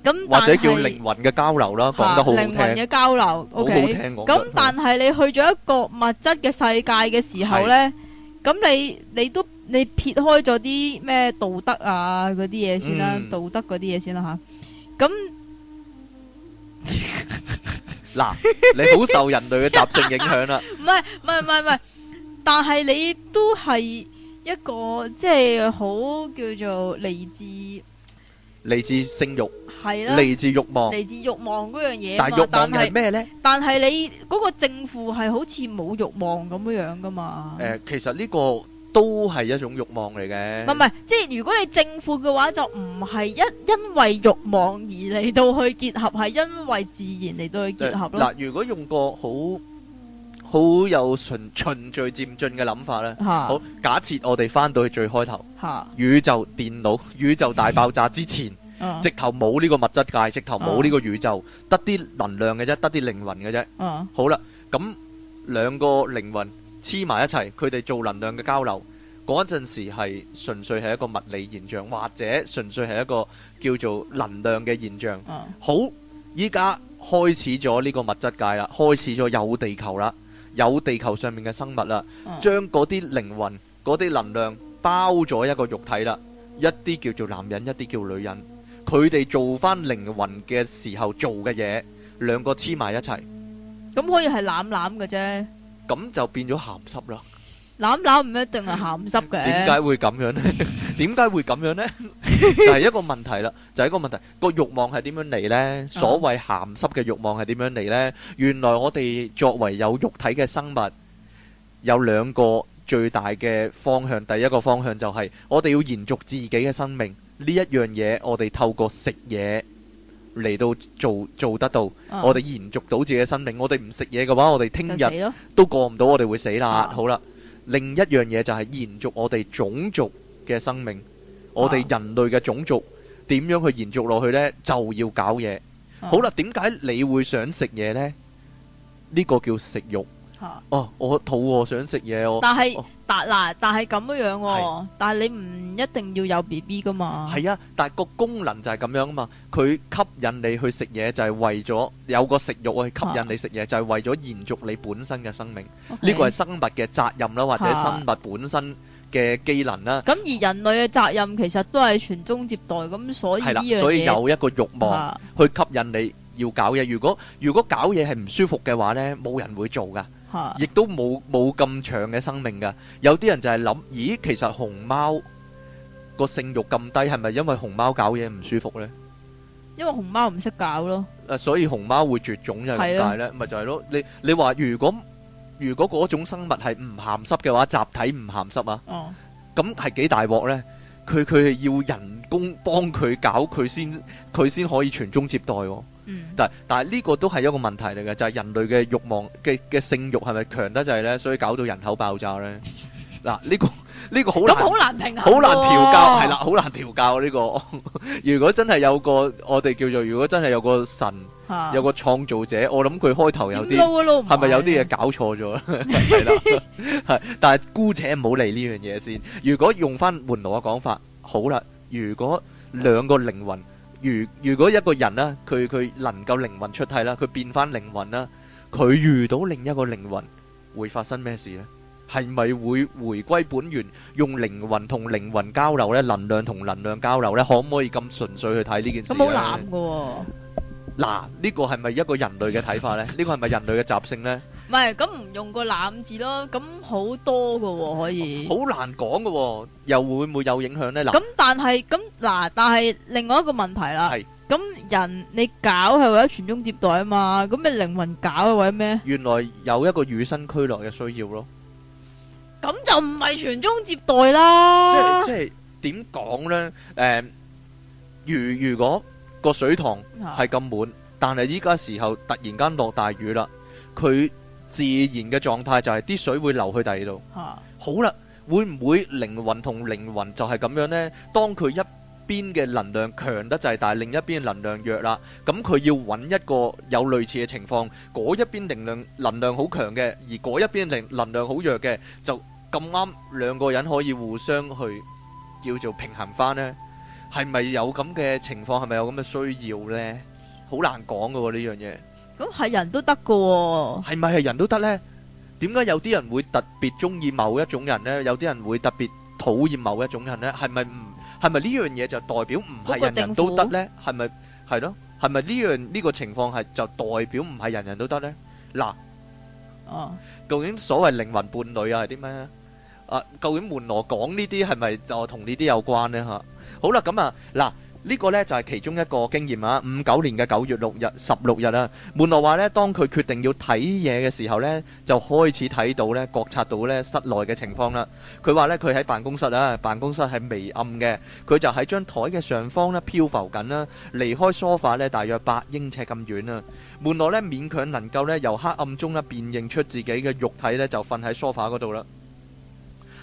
咁或者叫靈魂嘅交流啦，講得好好聽，靈魂嘅交流。OK，咁但係你去咗一個物質嘅世界嘅時候呢，咁你你都你撇開咗啲咩道德啊嗰啲嘢先啦，道德嗰啲嘢先啦嚇。咁嗱，你好受人類嘅習性影響啦。唔係唔係唔係，但係你都係一個即係好叫做嚟自嚟自性欲，係啦嚟自欲望，嚟自欲望嗰樣嘢。但欲望係咩咧？但係你嗰個正負係好似冇欲望咁樣樣噶嘛？誒，其實呢個。都係一種欲望嚟嘅，唔係，即係如果你正負嘅話，就唔係一因為欲望而嚟到去結合，係因為自然嚟到去結合咯。嗱、就係，如果用個好好有純循序漸進嘅諗法咧，哈好假設我哋翻到去最開頭，哈宇宙電腦宇宙大爆炸之前， [laughs] 啊、直頭冇呢個物質界，直頭冇呢個宇宙，得啲、啊、能量嘅啫，得啲靈魂嘅啫。啊、好啦，咁兩個靈魂。黐埋一齊，佢哋做能量嘅交流。嗰陣時係純粹係一個物理現象，或者純粹係一個叫做能量嘅現象。嗯、好，依家開始咗呢個物質界啦，開始咗有地球啦，有地球上面嘅生物啦，嗯、將嗰啲靈魂、嗰啲能量包咗一個肉體啦。一啲叫做男人，一啲叫女人。佢哋做返靈魂嘅時候做嘅嘢，兩個黐埋一齊。咁、嗯、可以係攬攬嘅啫。咁就變咗鹹濕啦，諗諗唔一定係鹹濕嘅。點解會咁樣呢？點解會咁樣呢？就係一個問題啦，就係一個問題，個慾望係點樣嚟呢？所謂鹹濕嘅慾望係點樣嚟呢？原來我哋作為有肉體嘅生物，有兩個最大嘅方向。第一個方向就係我哋要延續自己嘅生命，呢一樣嘢我哋透過食嘢。嚟到做做得到，uh. 我哋延續到自己嘅生命。我哋唔食嘢嘅話，我哋聽日都過唔到，uh. 我哋會死啦。Uh. 好啦，另一樣嘢就係延續我哋種族嘅生命，uh. 我哋人類嘅種族點樣去延續落去咧？就要搞嘢。Uh. 好啦，點解你會想食嘢咧？呢、呢個叫食慾。哦，我肚餓想食嘢，我但係但嗱，但係咁樣樣，但係你唔一定要有 BB 噶嘛？係啊，但係個功能就係咁樣啊嘛，佢吸引你去食嘢就係為咗有個食慾去吸引你食嘢，就係為咗延續你本身嘅生命。呢個係生物嘅責任啦，或者生物本身嘅機能啦。咁而人類嘅責任其實都係傳宗接代，咁所以呢樣嘢，所以有一個慾望去吸引你要搞嘢。如果如果搞嘢係唔舒服嘅話呢，冇人會做噶。亦都冇冇咁長嘅生命噶，有啲人就係諗，咦，其實熊貓個性慾咁低，係咪因為熊貓搞嘢唔舒服咧？因為熊貓唔識搞咯。誒，所以熊貓會絕種就係咁大咧？咪就係咯，你你話如果如果嗰種生物係唔鹹濕嘅話，集體唔鹹濕啊？哦，咁係幾大鑊咧？佢佢係要人工幫佢搞，佢先佢先可以傳宗接代。嗯、但係，但係呢個都係一個問題嚟嘅，就係、是、人類嘅欲望嘅嘅性欲係咪強得滯呢？所以搞到人口爆炸呢。嗱、 [laughs] 啊，呢、這個呢、這個好咁好難平衡，好難調教係啦，好難調教呢個。如果真係有個我哋叫做，如果真係有個神，啊、有個創造者，我諗佢開頭有啲，係咪有啲嘢搞錯咗咧？係 [laughs] [laughs] [laughs] 但係姑且唔好理呢樣嘢先。如果用翻門羅嘅講法，好啦，如果兩個靈魂。如如果一個人咧，佢佢能夠靈魂出體啦，佢變翻靈魂啦，佢遇到另一個靈魂，會發生咩事咧？係咪會回歸本源，用靈魂同靈魂交流咧？能量同能量交流咧，可唔可以咁純粹去睇呢件事？咁好濫噶喎！嗱，呢個係咪一個人類嘅睇法咧？呢個係咪人類嘅習性咧？唔係，咁唔用個攬字咯，咁好多噶，可以，好難講噶，又會唔會有影響呢？嗱，咁但係咁嗱，但係另外一個問題啦，咁人你搞係為咗傳宗接代啊嘛，咁咩靈魂搞係為咗咩？原來有一個與生俱來嘅需要咯，咁就唔係傳宗接代啦。即係即係點講呢？誒，如如果個水塘係咁滿，但係依家時候突然間落大雨啦，佢。自然嘅狀態就係啲水會流去第二度。啊、好啦，會唔會靈魂同靈魂就係咁樣呢？當佢一邊嘅能量強得滯，但係另一邊能量弱啦，咁佢要揾一個有類似嘅情況，嗰一邊能量能量好強嘅，而嗰一邊能能量好弱嘅，就咁啱兩個人可以互相去叫做平衡翻呢？係咪有咁嘅情況？係咪有咁嘅需要呢？好難講嘅喎呢樣嘢。咁係人都得嘅，係咪係人都得呢？點解有啲人會特別中意某一種人呢？有啲人會特別討厭某一種人呢？係咪唔係咪呢樣嘢就代表唔係人人都得呢？係咪係咯？係咪呢樣呢個情況係就代表唔係人人都得呢？嗱，哦，究竟所謂靈魂伴侶啊係啲咩？啊，究竟門羅講呢啲係咪就同呢啲有關呢？吓，好啦，咁啊嗱。呢個呢，就係其中一個經驗啊！五九年嘅九月六日十六日啊，門羅話呢，當佢決定要睇嘢嘅時候呢，就開始睇到呢，覺察到呢室內嘅情況啦。佢話呢，佢喺辦公室啊，辦公室係微暗嘅，佢就喺張台嘅上方呢漂浮緊啦，離開梳化呢，大約八英尺咁遠啊。門羅呢，勉強能夠呢，由黑暗中呢，辨認出自己嘅肉體呢，就瞓喺梳化嗰度啦。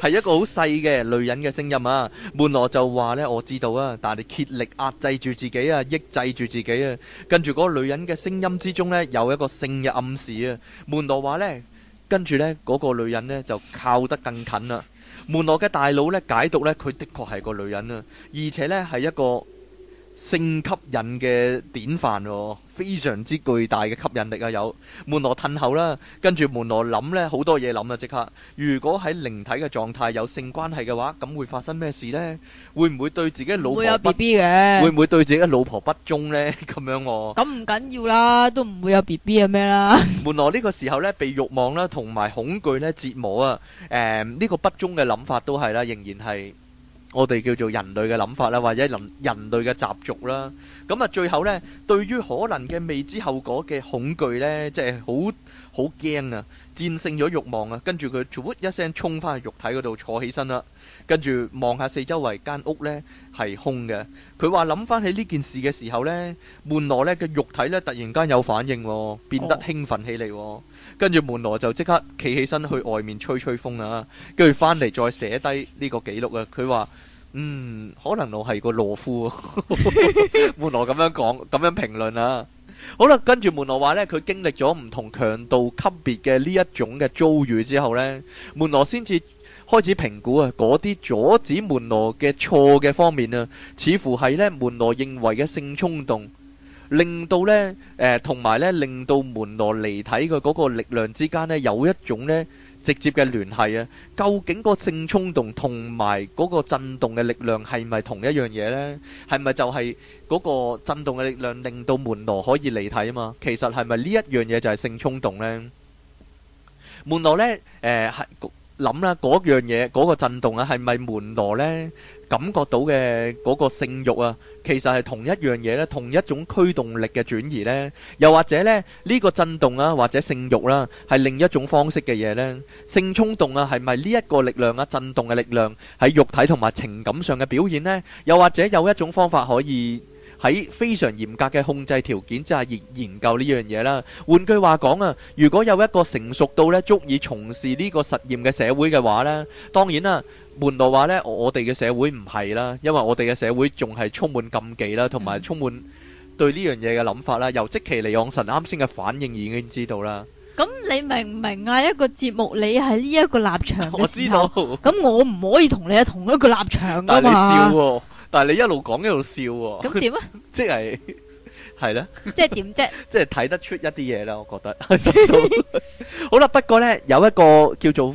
係 [laughs] 一個好細嘅女人嘅聲音啊，門羅就話呢，我知道啊，但係你竭力壓制住自己啊，抑制住自己啊，跟住嗰個女人嘅聲音之中呢，有一個性嘅暗示啊，門羅話呢，跟住呢嗰、那個女人呢，就靠得更近啦，門羅嘅大腦呢，解讀呢，佢的確係個女人啊，而且呢，係一個。性吸引嘅典範喎，非常之巨大嘅吸引力啊！有門羅褪後啦，跟住門羅諗呢好多嘢諗啊！即刻，如果喺靈體嘅狀態有性關係嘅話，咁會發生咩事呢？會唔會對自己老婆？會有 BB 嘅。會唔會對自己老婆不忠呢？咁樣喎。咁唔緊要啦，都唔會有 BB 啊咩啦。門羅呢個時候呢，被慾望啦，同埋恐懼呢折磨啊！誒，呢個不忠嘅諗法都係啦，仍然係。我哋叫做人類嘅諗法啦，或者人人類嘅習俗啦，咁啊最後呢，對於可能嘅未知後果嘅恐懼呢，即係好好驚啊！戰勝咗欲望啊！跟住佢噗一聲衝翻去肉體嗰度坐起身啦，跟住望下四周圍間屋咧係空嘅。佢話諗翻起呢件事嘅時候咧，門羅咧嘅肉體咧突然間有反應，變得興奮起嚟。跟住門羅就即刻企起身去外面吹吹風啊，跟住翻嚟再寫低呢個記錄啊。佢話嗯，可能我係個懦夫。門羅咁樣講，咁樣評論啊。好啦，跟住門羅話呢，佢經歷咗唔同強度級別嘅呢一種嘅遭遇之後呢，門羅先至開始評估啊，嗰啲阻止門羅嘅錯嘅方面啊，似乎係呢，門羅認為嘅性衝動，令到呢誒同埋呢令到門羅離體嘅嗰個力量之間呢，有一種呢。直接嘅聯繫啊，究竟個性衝動同埋嗰個震動嘅力量係咪同一樣嘢呢？係咪就係嗰個震動嘅力量令到門羅可以離體啊嘛？其實係咪呢一樣嘢就係性衝動呢？門羅呢，誒係諗啦，嗰樣嘢嗰個震動啊，係咪門羅呢？感覺到嘅嗰個性慾啊，其實係同一樣嘢咧，同一種驅動力嘅轉移呢，又或者呢呢、呢個震動啊，或者性慾啦、啊，係另一種方式嘅嘢呢。性衝動啊，係咪呢一個力量啊，震動嘅力量喺肉體同埋情感上嘅表現呢？又或者有一種方法可以喺非常嚴格嘅控制條件之下研研究呢樣嘢啦？換句話講啊，如果有一個成熟到咧足以從事呢個實驗嘅社會嘅話呢，當然啦、啊。門羅話咧，我我哋嘅社會唔係啦，因為我哋嘅社會仲係充滿禁忌啦，同埋充滿對呢樣嘢嘅諗法啦。由即其嚟講，神啱先嘅反應已經知道啦。咁你明唔明啊？一個節目，你係呢一個立場我知，咁我唔可以同你喺同一個立場噶嘛？但係笑，但係你一路講一路笑，咁點啊？即係係咧，即係點啫？即係睇得出一啲嘢啦，我覺得。好啦，不過咧有一個叫做。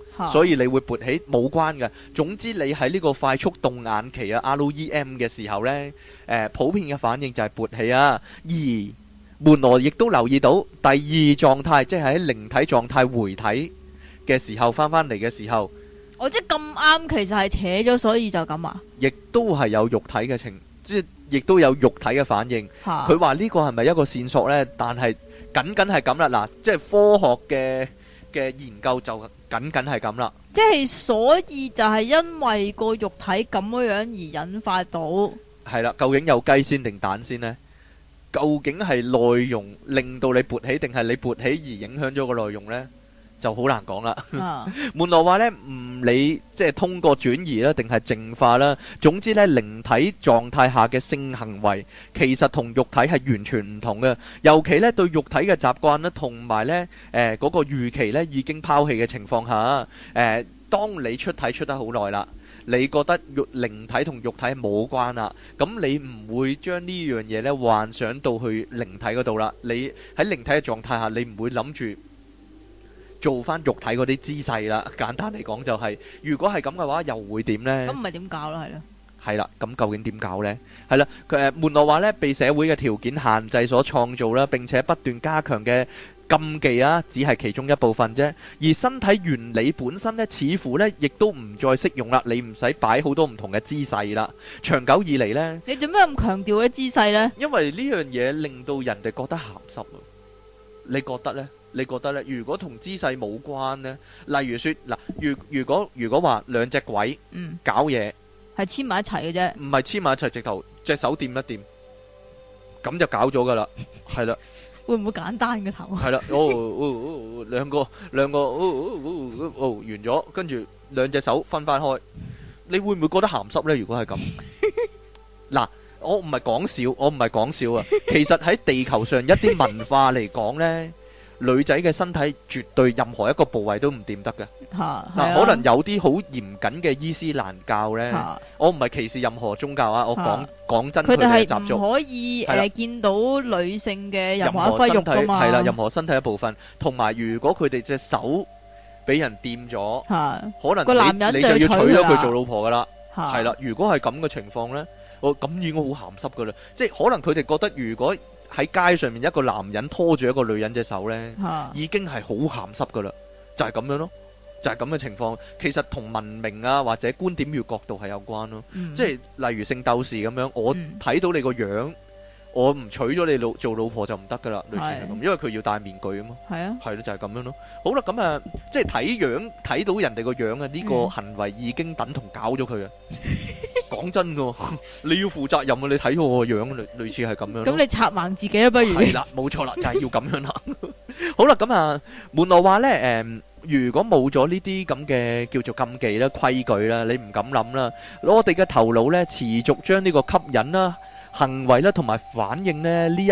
所以你會勃起冇關嘅。總之你喺呢個快速動眼期啊 （R.E.M.） 嘅時候呢，誒，普遍嘅反應就係勃起啊。而門羅亦都留意到第二狀態，即係喺靈體狀態回體嘅時候翻返嚟嘅時候，我即係咁啱，其實係扯咗，所以就咁啊。亦都係有肉體嘅情，即係亦都有肉體嘅反應。佢話呢個係咪一個線索呢？但係僅僅係咁啦。嗱，即係科學嘅嘅研究就。僅僅係咁啦，即係所以就係因為個肉體咁樣而引發到，係啦。究竟有雞先定蛋先呢？究竟係內容令到你勃起，定係你勃起而影響咗個內容呢？就好難講啦。門羅話呢，唔理即係通過轉移啦，定係淨化啦，總之呢靈體狀態下嘅性行為，其實同肉體係完全唔同嘅。尤其呢對肉體嘅習慣呢，同埋呢誒嗰個預期呢已經拋棄嘅情況下，誒當你出體出得好耐啦，你覺得靈體同肉體冇關啦，咁你唔會將呢樣嘢呢幻想到去靈體嗰度啦。你喺靈體嘅狀態下，你唔會諗住。做翻肉體嗰啲姿勢啦，簡單嚟講就係，如果係咁嘅話，又會點咧？咁唔係點搞咯，係咯？係啦，咁究竟點搞咧？係啦，佢誒，門羅話咧，被社會嘅條件限制所創造啦，並且不斷加強嘅禁忌啦，只係其中一部分啫。而身體原理本身咧，似乎咧，亦都唔再適用啦。你唔使擺好多唔同嘅姿勢啦。長久以嚟咧，你點解咁強調啲姿勢咧？因為呢樣嘢令到人哋覺得咸濕啊！你覺得咧？你覺得咧？如果同姿勢冇關咧，例如說嗱，如如果如果話兩隻鬼嗯搞嘢，係黐埋一齊嘅啫，唔係黐埋一齊直頭隻手掂一掂，咁就搞咗噶啦，係啦，會唔會簡單嘅頭啊？係啦，哦，兩個兩個哦完咗，跟住兩隻手分翻開，你會唔會覺得鹹濕咧？如果係咁，嗱，我唔係講笑，我唔係講笑啊，其實喺地球上一啲文化嚟講咧。女仔嘅身體絕對任何一個部位都唔掂得嘅。嗱，可能有啲好嚴謹嘅伊斯蘭教咧，我唔係歧視任何宗教啊，我講講真佢哋嘅習俗。佢哋係唔可以誒見到女性嘅任何體系啦，任何身體一部分，同埋如果佢哋隻手俾人掂咗，可能個男人你你就要娶咗佢做老婆噶啦。係啦，如果係咁嘅情況咧，我咁樣已經好鹹濕噶啦，即係可能佢哋覺得如果，喺街上面一個男人拖住一個女人隻手咧，啊、已經係好鹹濕噶啦，就係、是、咁樣咯，就係咁嘅情況。其實同文明啊或者觀點與角度係有關咯，嗯、即係例如性鬥士咁樣，我睇到你個樣。嗯嗯我唔娶咗你老做老婆就唔得噶啦，類似係咁，因為佢要戴面具啊嘛。係啊，係咯，就係咁樣咯。好啦，咁啊，即係睇樣睇到人哋個樣啊，呢個行為已經等同搞咗佢啊。講真噶，你要負責任啊！你睇到我個樣，類類似係咁樣。咁你拆盲自己不如。係啦，冇錯啦，就係要咁樣啦。好啦，咁啊，門羅話咧誒，如果冇咗呢啲咁嘅叫做禁忌啦、規矩啦，你唔敢諗啦，我哋嘅頭腦咧持續將呢個吸引啦。行為咧，同埋反應咧，呢一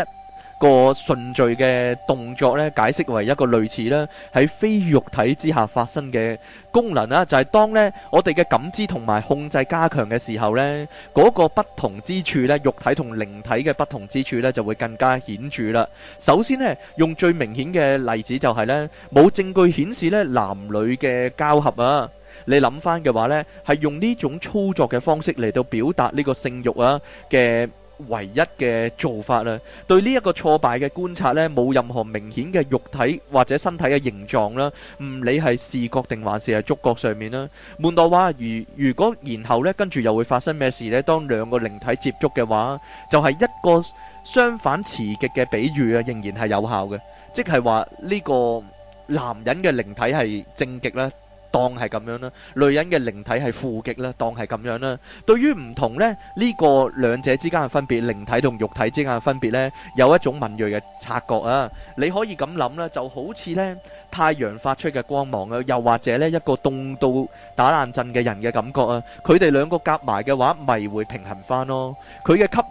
個順序嘅動作咧，解釋為一個類似啦，喺非肉體之下發生嘅功能啦，就係當咧我哋嘅感知同埋控制加強嘅時候咧，嗰個不同之處咧，肉體同靈體嘅不同之處咧，就會更加顯著啦。首先咧，用最明顯嘅例子就係咧，冇證據顯示咧，男女嘅交合啊，你諗返嘅話咧，係用呢種操作嘅方式嚟到表達呢個性慾啊嘅。唯一嘅做法啦，對呢一個挫敗嘅觀察咧，冇任何明顯嘅肉體或者身體嘅形狀啦，唔理係視覺定還是係觸覺上面啦。門羅話：如如果然後咧，跟住又會發生咩事咧？當兩個靈體接觸嘅話，就係一個相反磁極嘅比喻啊，仍然係有效嘅，即係話呢個男人嘅靈體係正極咧。當係咁樣啦，女人嘅靈體係負極啦，當係咁樣啦。對於唔同呢呢個兩者之間嘅分別，靈體同肉體之間嘅分別呢，有一種敏鋭嘅察覺啊。你可以咁諗啦，就好似呢太陽發出嘅光芒啊，又或者呢一個凍到打冷震嘅人嘅感覺啊。佢哋兩個夾埋嘅話，咪會平衡翻咯。佢嘅吸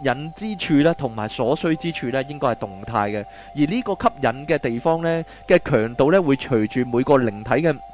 引之處呢，同埋所需之處呢，應該係動態嘅。而呢個吸引嘅地方呢，嘅強度呢，會隨住每個靈體嘅。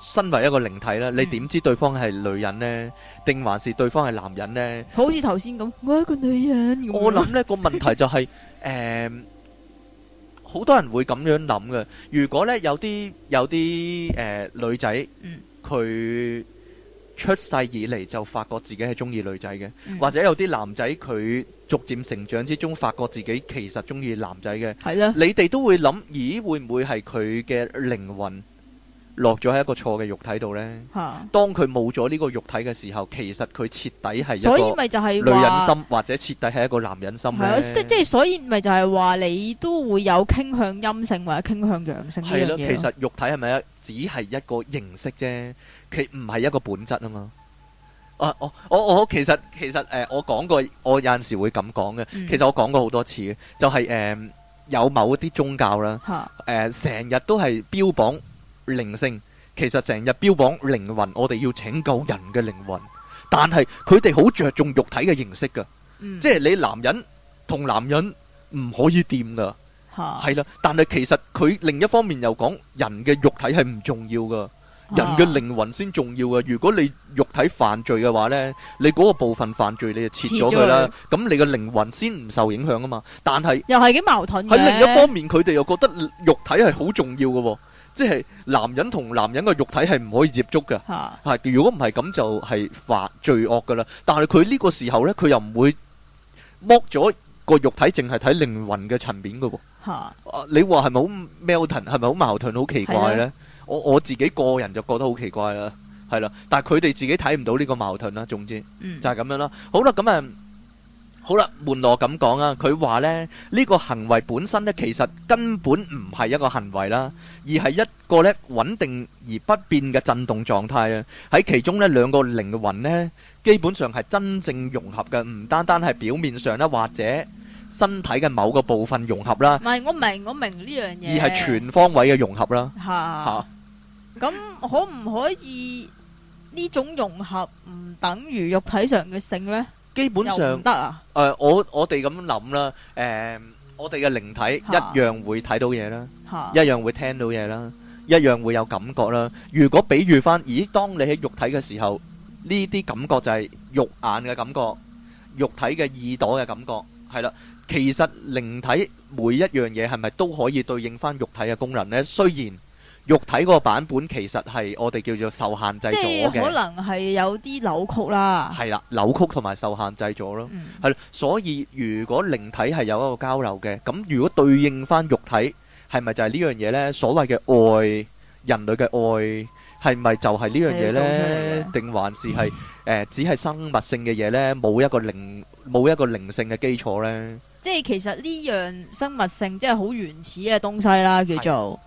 身為一個靈體咧，你點知對方係女人呢，定還是對方係男人呢？好似頭先咁，我係一個女人。我諗呢個問題就係，誒，好多人會咁樣諗嘅。如果呢有啲有啲誒女仔，佢出世以嚟就發覺自己係中意女仔嘅，或者有啲男仔佢逐漸成長之中發覺自己其實中意男仔嘅，係啦。你哋都會諗，咦，會唔會係佢嘅靈魂？落咗喺一個錯嘅肉體度呢。啊、當佢冇咗呢個肉體嘅時候，其實佢徹底係一個所以咪就係女人心，或者徹底係一個男人心咧。即即所以，咪就係話你都會有傾向陰性或者傾向陽性呢樣嘢係咯，的其實肉體係咪只係一個形式啫，佢唔係一個本質啊嘛。啊，我我我其實其實誒、呃，我講過，我有陣時會咁講嘅。其實我講過好多次嘅，就係、是、誒、呃、有某一啲宗教啦，誒、呃、成日都係標榜。靈性其實成日標榜靈魂，我哋要拯救人嘅靈魂，但係佢哋好着重肉體嘅形式噶，即係你男人同男人唔可以掂噶，係啦。但係其實佢另一方面又講人嘅肉體係唔重要噶，人嘅靈魂先重要噶。如果你肉體犯罪嘅話呢，你嗰個部分犯罪你就切咗佢啦，咁你嘅靈魂先唔受影響啊嘛。但係又係幾矛盾嘅。喺另一方面，佢哋又覺得肉體係好重要噶。即係男人同男人嘅肉體係唔可以接觸噶，係如果唔係咁就係犯罪惡噶啦。但係佢呢個時候呢，佢又唔會剝咗個肉體，淨係睇靈魂嘅層面噶喎。啊，你話係咪好矛盾？係咪好矛盾？好奇怪呢？我我自己個人就覺得好奇怪啦，係啦。但係佢哋自己睇唔到呢個矛盾啦。總之，就係咁樣啦。好啦，咁啊。好啦，門羅咁講啊，佢話咧呢個行為本身咧，其實根本唔係一個行為啦，而係一個咧穩定而不變嘅震動狀態啊。喺其中咧，兩個靈魂咧，基本上係真正融合嘅，唔單單係表面上咧或者身體嘅某個部分融合啦。唔係，我明我明呢樣嘢。而係全方位嘅融合啦。吓吓，咁可唔可以呢種融合唔等於肉體上嘅性咧？基本上得啊！誒，我我哋咁諗啦，誒，我哋嘅靈體一樣會睇到嘢啦，一樣會聽到嘢啦，一樣會有感覺啦。如果比喻翻，咦，當你喺肉體嘅時候，呢啲感覺就係肉眼嘅感覺、肉體嘅耳朵嘅感覺，係啦。其實靈體每一樣嘢係咪都可以對應翻肉體嘅功能呢？雖然。肉體個版本其實係我哋叫做受限制咗嘅，即係可能係有啲扭曲啦。係啦，扭曲同埋受限制咗咯。係、嗯、所以如果靈體係有一個交流嘅，咁如果對應翻肉體，係咪就係呢樣嘢呢？所謂嘅愛，哦、人類嘅愛，係咪就係呢樣嘢呢？定還是係誒、呃，只係生物性嘅嘢呢？冇一個靈，冇一個靈性嘅基礎呢？即係其實呢樣生物性，即係好原始嘅東西啦，叫做。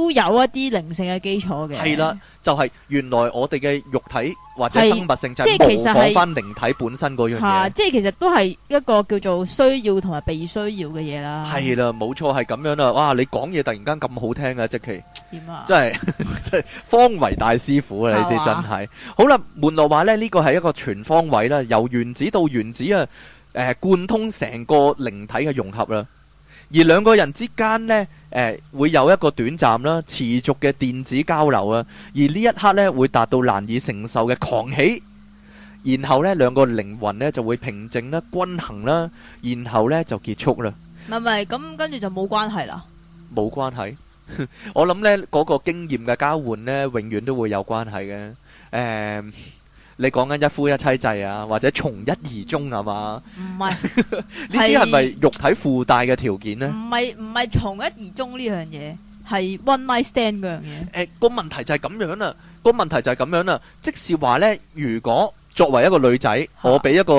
都有一啲靈性嘅基礎嘅，係啦，就係原來我哋嘅肉體或者生物性，即係其實係模仿翻靈體本身嗰樣嘢，即係其實都係一個叫做需要同埋被需要嘅嘢啦。係啦，冇錯係咁樣啦。哇，你講嘢突然間咁好聽啊，即其，點啊？即係即係方為大師傅啊！你哋真係好啦。門羅話咧，呢個係一個全方位啦，由原子到原子啊，誒貫通成個靈體嘅融合啦，而兩個人之間呢。誒，會有一個短暫啦，持續嘅電子交流啊，而呢一刻咧，會達到難以承受嘅狂喜，然後咧，兩個靈魂咧就會平靜啦、均衡啦，然後咧就結束啦。唔係唔係，咁跟住就冇關係啦。冇關係，我諗咧，嗰個經驗嘅交換咧，永遠都會有關係嘅。誒。你講緊一夫一妻制啊，或者從一而終啊嘛？唔係，呢啲係咪肉體附帶嘅條件咧？唔係唔係從一而終呢樣嘢，係 one night stand 嗰樣嘢。誒個問題就係咁樣啦，個問題就係咁樣啦。即使話咧，如果作為一個女仔，我俾一個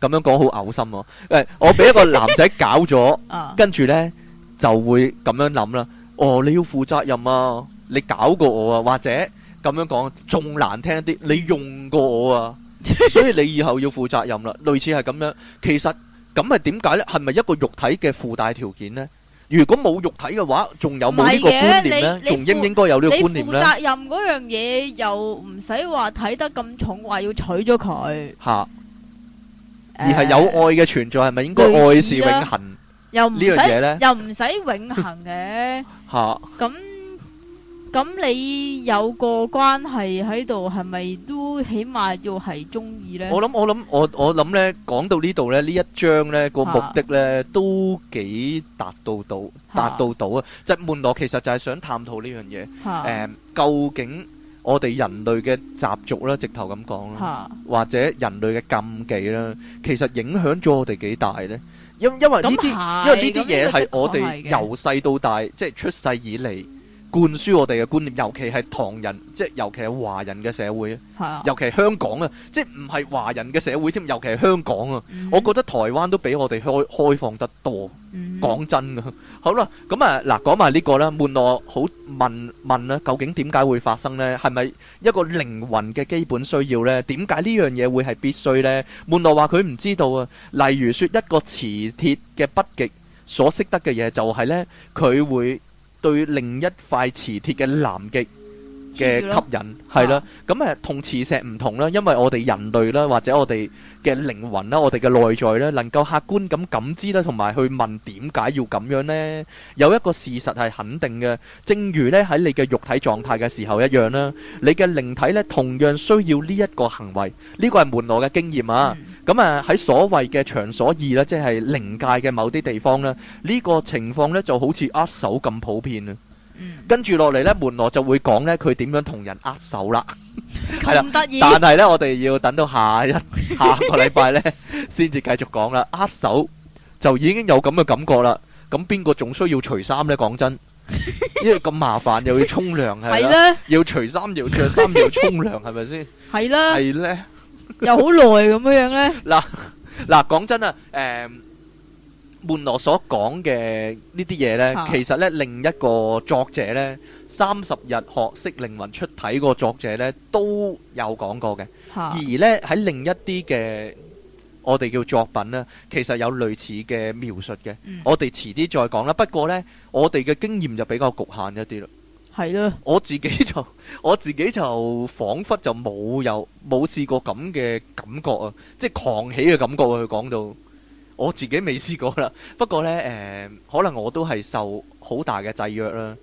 咁樣講好嘔心喎，誒我俾一個男仔搞咗，跟住咧就會咁樣諗啦。哦，你要負責任啊，你搞過我啊，或者？咁樣講，仲難聽啲，你用過我啊，所以你以後要負責任啦。類似係咁樣，其實咁係點解呢？係咪一個肉體嘅附帶條件呢？如果冇肉體嘅話，仲有冇呢個觀念呢？仲應唔應該有呢個觀念呢？責任嗰樣嘢又唔使話睇得咁重，話要娶咗佢。吓，而係有愛嘅存在，係咪應該愛是永恒呢樣嘢呢？又唔使，又唔使永恒嘅。吓，咁。咁你有個關係喺度，係咪都起碼要係中意咧？我諗，我諗，我我諗咧，講到呢度咧，呢一章咧個目的咧，都幾達到到，達到到啊！即係門羅，其實就係想探討呢樣嘢。誒，究竟我哋人類嘅習俗啦，直頭咁講啦，或者人類嘅禁忌啦，其實影響咗我哋幾大咧？因因為呢啲，因為呢啲嘢係我哋由細到大，即係出世以嚟。灌輸我哋嘅觀念，尤其係唐人，即係尤其係華人嘅社會，尤其係香港啊！即係唔係華人嘅社會添，尤其係香港啊！我覺得台灣都比我哋開開放得多，講真啊！好啦，咁啊嗱，講埋呢個啦。門羅好問問呢，究竟點解會發生呢？係咪一個靈魂嘅基本需要呢？點解呢樣嘢會係必須呢？門羅話佢唔知道啊。例如說，一個磁鐵嘅北極所識得嘅嘢，就係呢佢會。對另一塊磁鐵嘅南極嘅吸引係啦，咁誒同磁石唔同啦，因為我哋人類啦，或者我哋嘅靈魂啦，我哋嘅內在咧，能夠客觀咁感知啦，同埋去問點解要咁樣呢？有一個事實係肯定嘅，正如咧喺你嘅肉體狀態嘅時候一樣啦，你嘅靈體咧同樣需要呢一個行為，呢個係門羅嘅經驗啊。咁啊喺所謂嘅場所二咧，即係靈界嘅某啲地方咧，呢個情況咧就好似握手咁普遍啊。嗯，跟住落嚟咧，門羅就會講咧佢點樣同人握手啦。係啦，但係咧，我哋要等到下一下個禮拜咧先至繼續講啦。握手就已經有咁嘅感覺啦。咁邊個仲需要除衫咧？講真，因為咁麻煩，又要沖涼係咪，要除衫，要著衫，要沖涼係咪先？係啦，係咧。有好耐咁樣樣咧？嗱嗱，講真啊，誒，門羅所講嘅呢啲嘢咧，其實咧，另一個作者咧，三十日學識靈魂出體個作者咧，都有講過嘅。而咧喺另一啲嘅我哋叫作品咧，其實有類似嘅描述嘅。我哋遲啲再講啦。不過咧，我哋嘅經驗就比較局限一啲咯。係咯，我自己就，就我自己就仿佛就冇有冇試過咁嘅感覺啊，即係狂喜嘅感覺。佢講到我自己未試過啦，不過呢，誒、呃，可能我都係受好大嘅制約啦。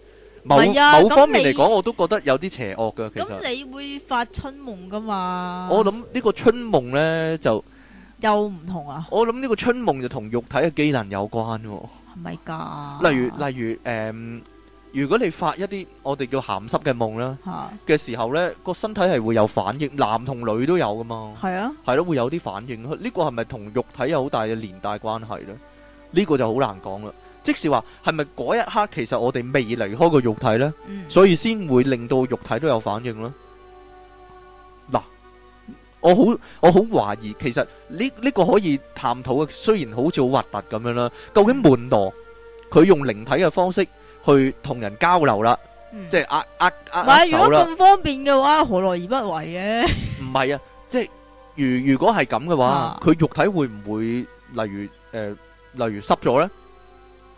某某，某方面嚟講，你我都覺得有啲邪惡嘅。咁你會發春夢噶嘛？我諗呢個春夢呢，就又唔同啊。我諗呢個春夢就同肉體嘅機能有關喎。係咪噶？例如例如誒。呃如果你發一啲我哋叫鹹濕嘅夢咧嘅時候咧，呢個身體係會有反應，男同女都有噶嘛？係啊，係咯，會有啲反應。呢個係咪同肉體有好大嘅連帶關係咧？呢個就好難講啦。即使話係咪嗰一刻，其實我哋未離開個肉體咧，所以先會令到肉體都有反應啦。嗱，我好我好懷疑，其實呢呢個可以探討嘅，雖然好似好核突咁樣啦，究竟門羅佢用靈體嘅方式？去同人交流啦，即係握握握手啦。唔係，如果咁方便嘅話，何樂而不為嘅？唔係啊，即係如如果係咁嘅話，佢肉體會唔會，例如誒，例如濕咗咧？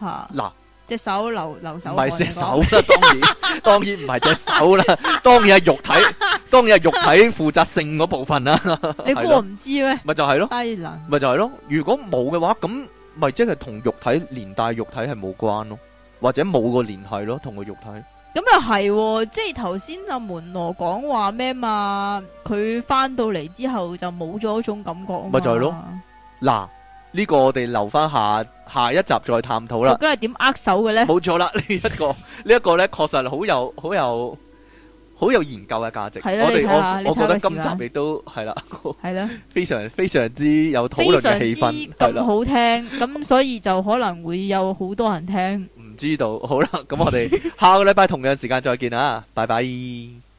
吓，嗱，隻手留留手。唔係隻手，當然當然唔係隻手啦，當然係肉體，當然係肉體負責性嗰部分啦。你估我唔知咩？咪就係咯，低能。咪就係咯，如果冇嘅話，咁咪即係同肉體連帶肉體係冇關咯。或者冇個聯繫咯，同個肉體。咁又係，即係頭先阿門羅講話咩嘛？佢翻到嚟之後就冇咗種感覺。咪就係咯。嗱 ming，呢個我哋留翻下下一集再探討啦。咁係點握手嘅咧？冇錯啦，呢一個呢一個咧，確實好有好有好有研究嘅價值。我哋我我覺得今集亦都係啦，係啦，非常非常之有討論嘅氣氛，咁好聽，咁所以就可能會有好多人聽。唔知道好啦，咁我哋下個禮拜同樣時間再見啊！拜拜。inda hey, bye bye